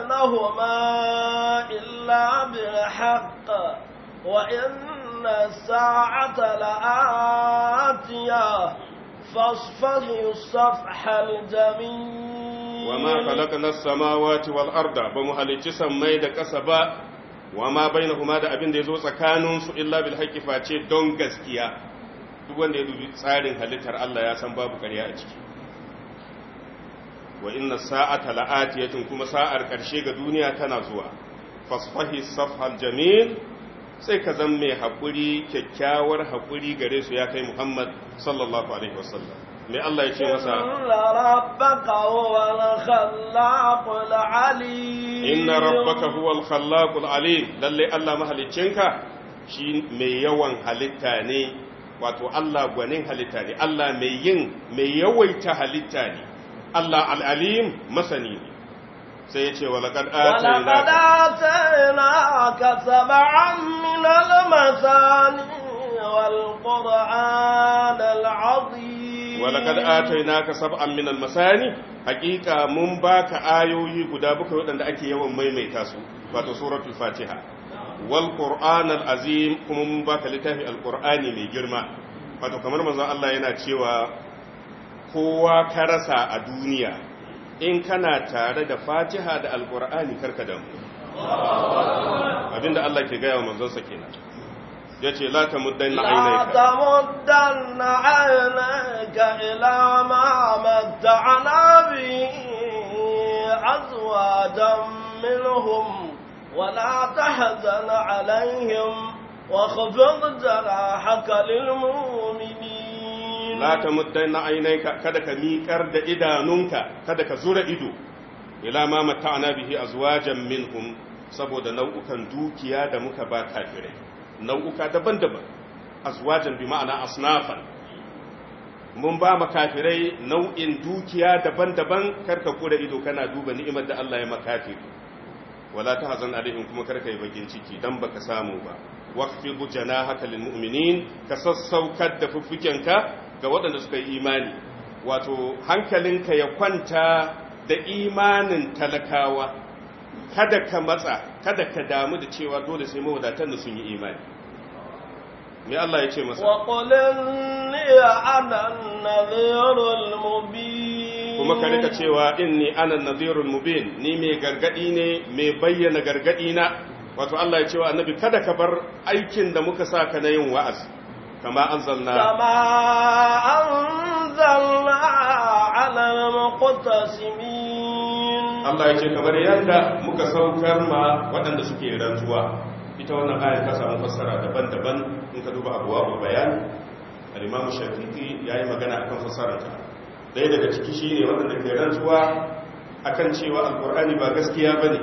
ma huma, illa bil haƙa wa inna saata فاصفحوا الصفح الجميل وما خلقنا السماوات والأرض بمهلك سمي دا كسبا وما بينهما دا أبين دي زو سكانون إلا بالحق فاتي دون غسكيا دوان دي دوبي تسارين هلتر الله يا سنبابو كريا أجي وإن الساعة لآتية كما ساعة كرشيغ دنيا تنازوا فاصفحي الصفح الجميل sai ka zan mai haƙuri kyakkyawar haƙuri gare su ya kai muhammad sallallahu alaihi wasallam mai Allah ya ce masa inna rabbaka huwal khallaqul alim lalle Allah mahalicinka shi mai yawan halitta ne wato Allah gwanin halitta ne Allah mai yin mai yawaita halitta ne Allah al'alim masani ne sai ya ce walakad atainaka sab'an min al-masani wal-qur'an al-azim walakad atainaka sab'an min al-masani Haƙiƙa mun baka ayoyi guda buka waɗanda ake yawan maimaita su wato suratul fatiha wal-qur'an al-azim kuma mun baka littafi al mai girma wato kamar manzon Allah yana cewa kowa ka rasa a duniya in kana tare da fatiha da alkur'ani karka damu abinda Allah ke gaya wa manzonsa kenan ya ce la ta muddan na ainihinka la ta muddan na ainihinka ila ma madda'ana bi azwajan minhum alaihim wa عليهم واخفض جراحك للمؤمنين la ta na ainaika kada ka miƙar da idanunka kada ka zura ido ila ma ana bihi azwajan minhum saboda nau'ukan dukiya da muka ba kafirai nau'uka daban-daban azwajan bi ma'ana asnafan mun ba ma kafirai nau'in dukiya daban-daban karka kura ido kana duba ni'imar da Allah ya makafiri wala ta hazan alaihim kuma karka yi bakin ciki dan baka samu ba waqfi bujana hakalil mu'minin ka sassaukar da fuffukenka ga waɗanda suka yi imani wato hankalinka ya kwanta da imanin talakawa kada ka matsa kada ka damu da cewa dole sai mawadatan da sun yi imani me Allah ya ce masa wa qulil ana nadhirul mubin kuma ka rika cewa inni ana nadhirul mubin ni mai gargadi ne mai bayyana gargadi na wato Allah ya ce wa annabi kada ka bar aikin da muka saka na yin wa'azi كما أنزلنا كما أنزلنا على المقتسمين الله يجي كبر يندا muka saukar ma waɗanda suke rantsuwa ita wannan ayar ta samu fassara daban-daban in ka duba abuwa bayan al-Imam Shafi'i yayi magana akan fassararta dai daga ciki shine waɗanda ke rantsuwa akan cewa al-qur'ani ba gaskiya bane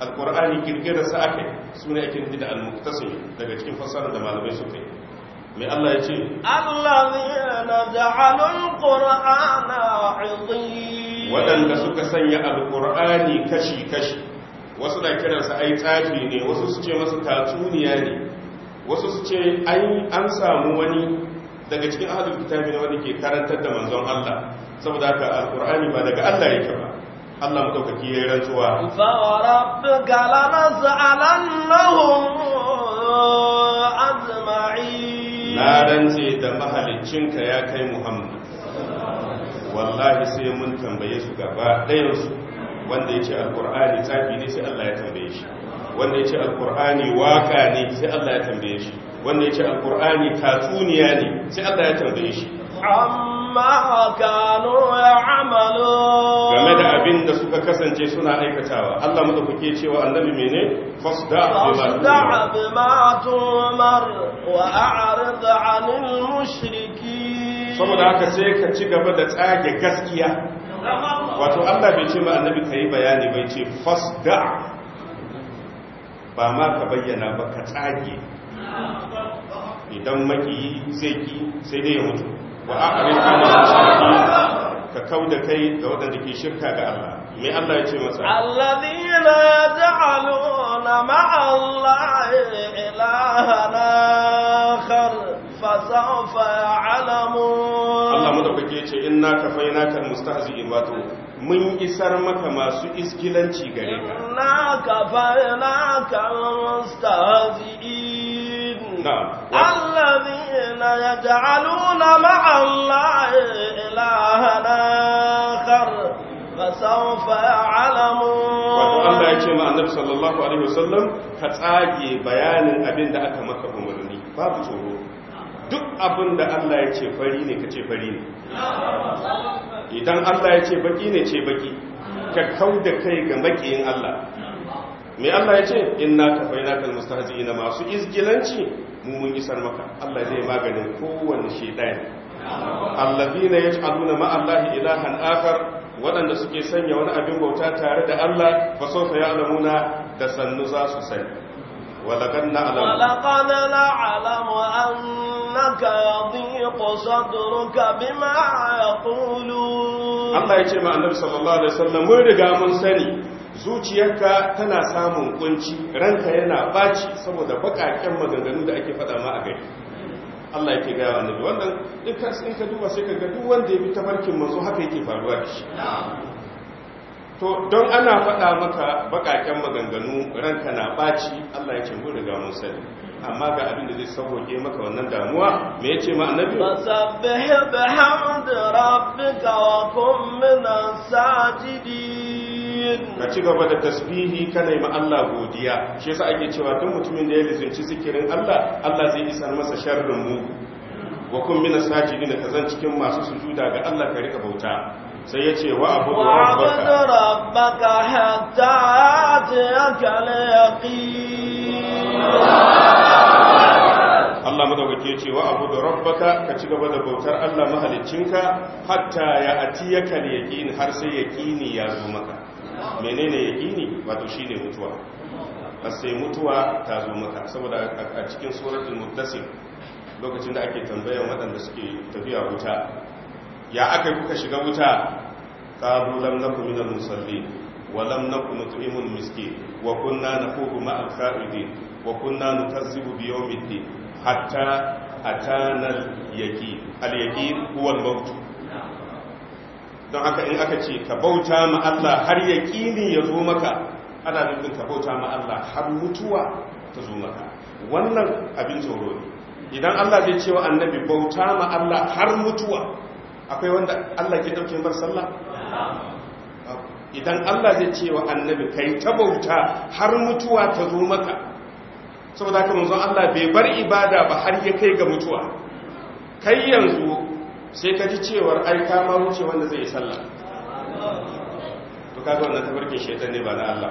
al-qur'ani kirkira sa akai sune ake nufi da al-muqtasim daga cikin fassarar da malamai suka yi me Allah ya ce qur'ana wadanda suka sanya Alƙur'ani kashi kashi wasu da kiransa ai tsafi ne wasu su ce masa tatsuniya ne wasu su ce an samu wani daga cikin ahlul kitabi ne wanda ke karantar da manzon Allah saboda haka alqur'ani ba daga Allah yake ba Allah mu ya yi rantsuwa. Fa'arabbika lanaz'alannahum azma'in na rantse da mahalicinka ya kai muhammad wallahi sai mun tambaye su gaba ɗayansu wanda ya ce alkur'ani tsafi ne sai allah ya tambaye shi wanda ya ce alkur'ani waka ne sai allah ya tambaye shi wanda ya ce alkur'ani tatsuniya ne sai allah ya tambaye shi amma kanu ya amalo game da abin da suka kasance suna aikatawa Allah mutu kuke cewa annabi mene fasda bima tumar وأعرض عن المشركين saboda haka sai ka ci gaba da tsage gaskiya wato Allah bai ce ba annabi kai bayani bai ce fasda ba ma ka bayyana ba ka tsage idan maki sai ki sai dai ya mutu wa aqrin ka kauda kai da wadanda ke shirka ga Allah me Allah ya ce masa alladhina ja'aluna ma'a allahi ilahana akhar fa sawfa ya'lamun Allah mu madaukake ya ce in na inna kafainaka almustahzi'in wato mun isar maka masu iskilanci gare ka inna na almustahzi'in alladhina yaj'aluna ma'a allahi ilahana akhar فسوف يعلمون Allah ya ce ma annabi sallallahu alaihi wasallam ka tsage bayanin abin da aka maka umarni babu tsoro duk abin da Allah ya ce fari ne ka ce fari ne idan Allah ya ce baki ne ce baki ka kau da kai ga makiyin Allah Me Allah ya ce inna kafaina kal mustahzi'ina masu izgilanci mu mun isar maka Allah zai maganin kowanne shedani allazina yaj'aluna ma allahi ilahan akhar waɗanda suke sanya wani abin bauta tare da Allah fa fa ya'lamuna da sannu za su sani ولقد نعلم ولقد نعلم annaka yadhiqu sadruka bima يقولون Allah ya ce ma annabi sallallahu alaihi wasallam mun riga mun sani zuciyarka tana samun kunci ranka yana baci saboda bakakken maganganu da ake faɗa ma a gari Allah yake gaya wa annabi wannan in ka duba sai ka ga duk wanda ya bi ta barkin manzo haka yake faruwa da shi to don ana faɗa maka bakaken maganganu ranka na ɓaci Allah ya ce mun riga mun amma ga abin da zai sauke maka wannan damuwa me yace ma annabi fasabbih bihamdi rabbika wa kum min sajidin ka ci gaba da tasbihi "Ka yi ma Allah godiya shi yasa ake cewa duk mutumin da ya lizinci zikirin Allah Allah zai isa masa sharrin mu wa kun mina ka kazan cikin masu sujuda ga Allah ka rika bauta sai ya ce wa abu rabbaka hatta yatiyaka al Allah madaukake ce wa abu da rabbaka ka ci gaba da bautar Allah mahaliccinka hatta ya atiyaka yaqin har sai yaqini ya zo maka menene yaqini wato shine mutuwa sai mutuwa ta zo maka saboda a cikin suratul muttasil lokacin da ake tambayar waɗanda suke tafiya wuta ya aka kuka shiga wuta qalu lam nakum minal musallin wa lam nakum nut'imul miskin wa kunna naqubu ma'al kha'idin wa kunna nukazzibu bi yawmiddin hatta atana al-yaqin al-yaqin huwa al don haka in aka ce ka bauta ma Allah har kini ya zo maka ana nufin ka bauta ma Allah har mutuwa ta zo maka wannan abin tsoro ne idan Allah zai cewa annabi bauta ma Allah har mutuwa akwai wanda Allah ke dauke bar sallah idan Allah zai cewa annabi kai ta bauta har mutuwa ta zo maka saboda haka manzon Allah bai bar ibada ba har ya kai ga mutuwa kai yanzu sai ka ji cewar ai ka ma wuce wanda zai yi sallah to kaga wannan tabarkin shaitan ne ba na Allah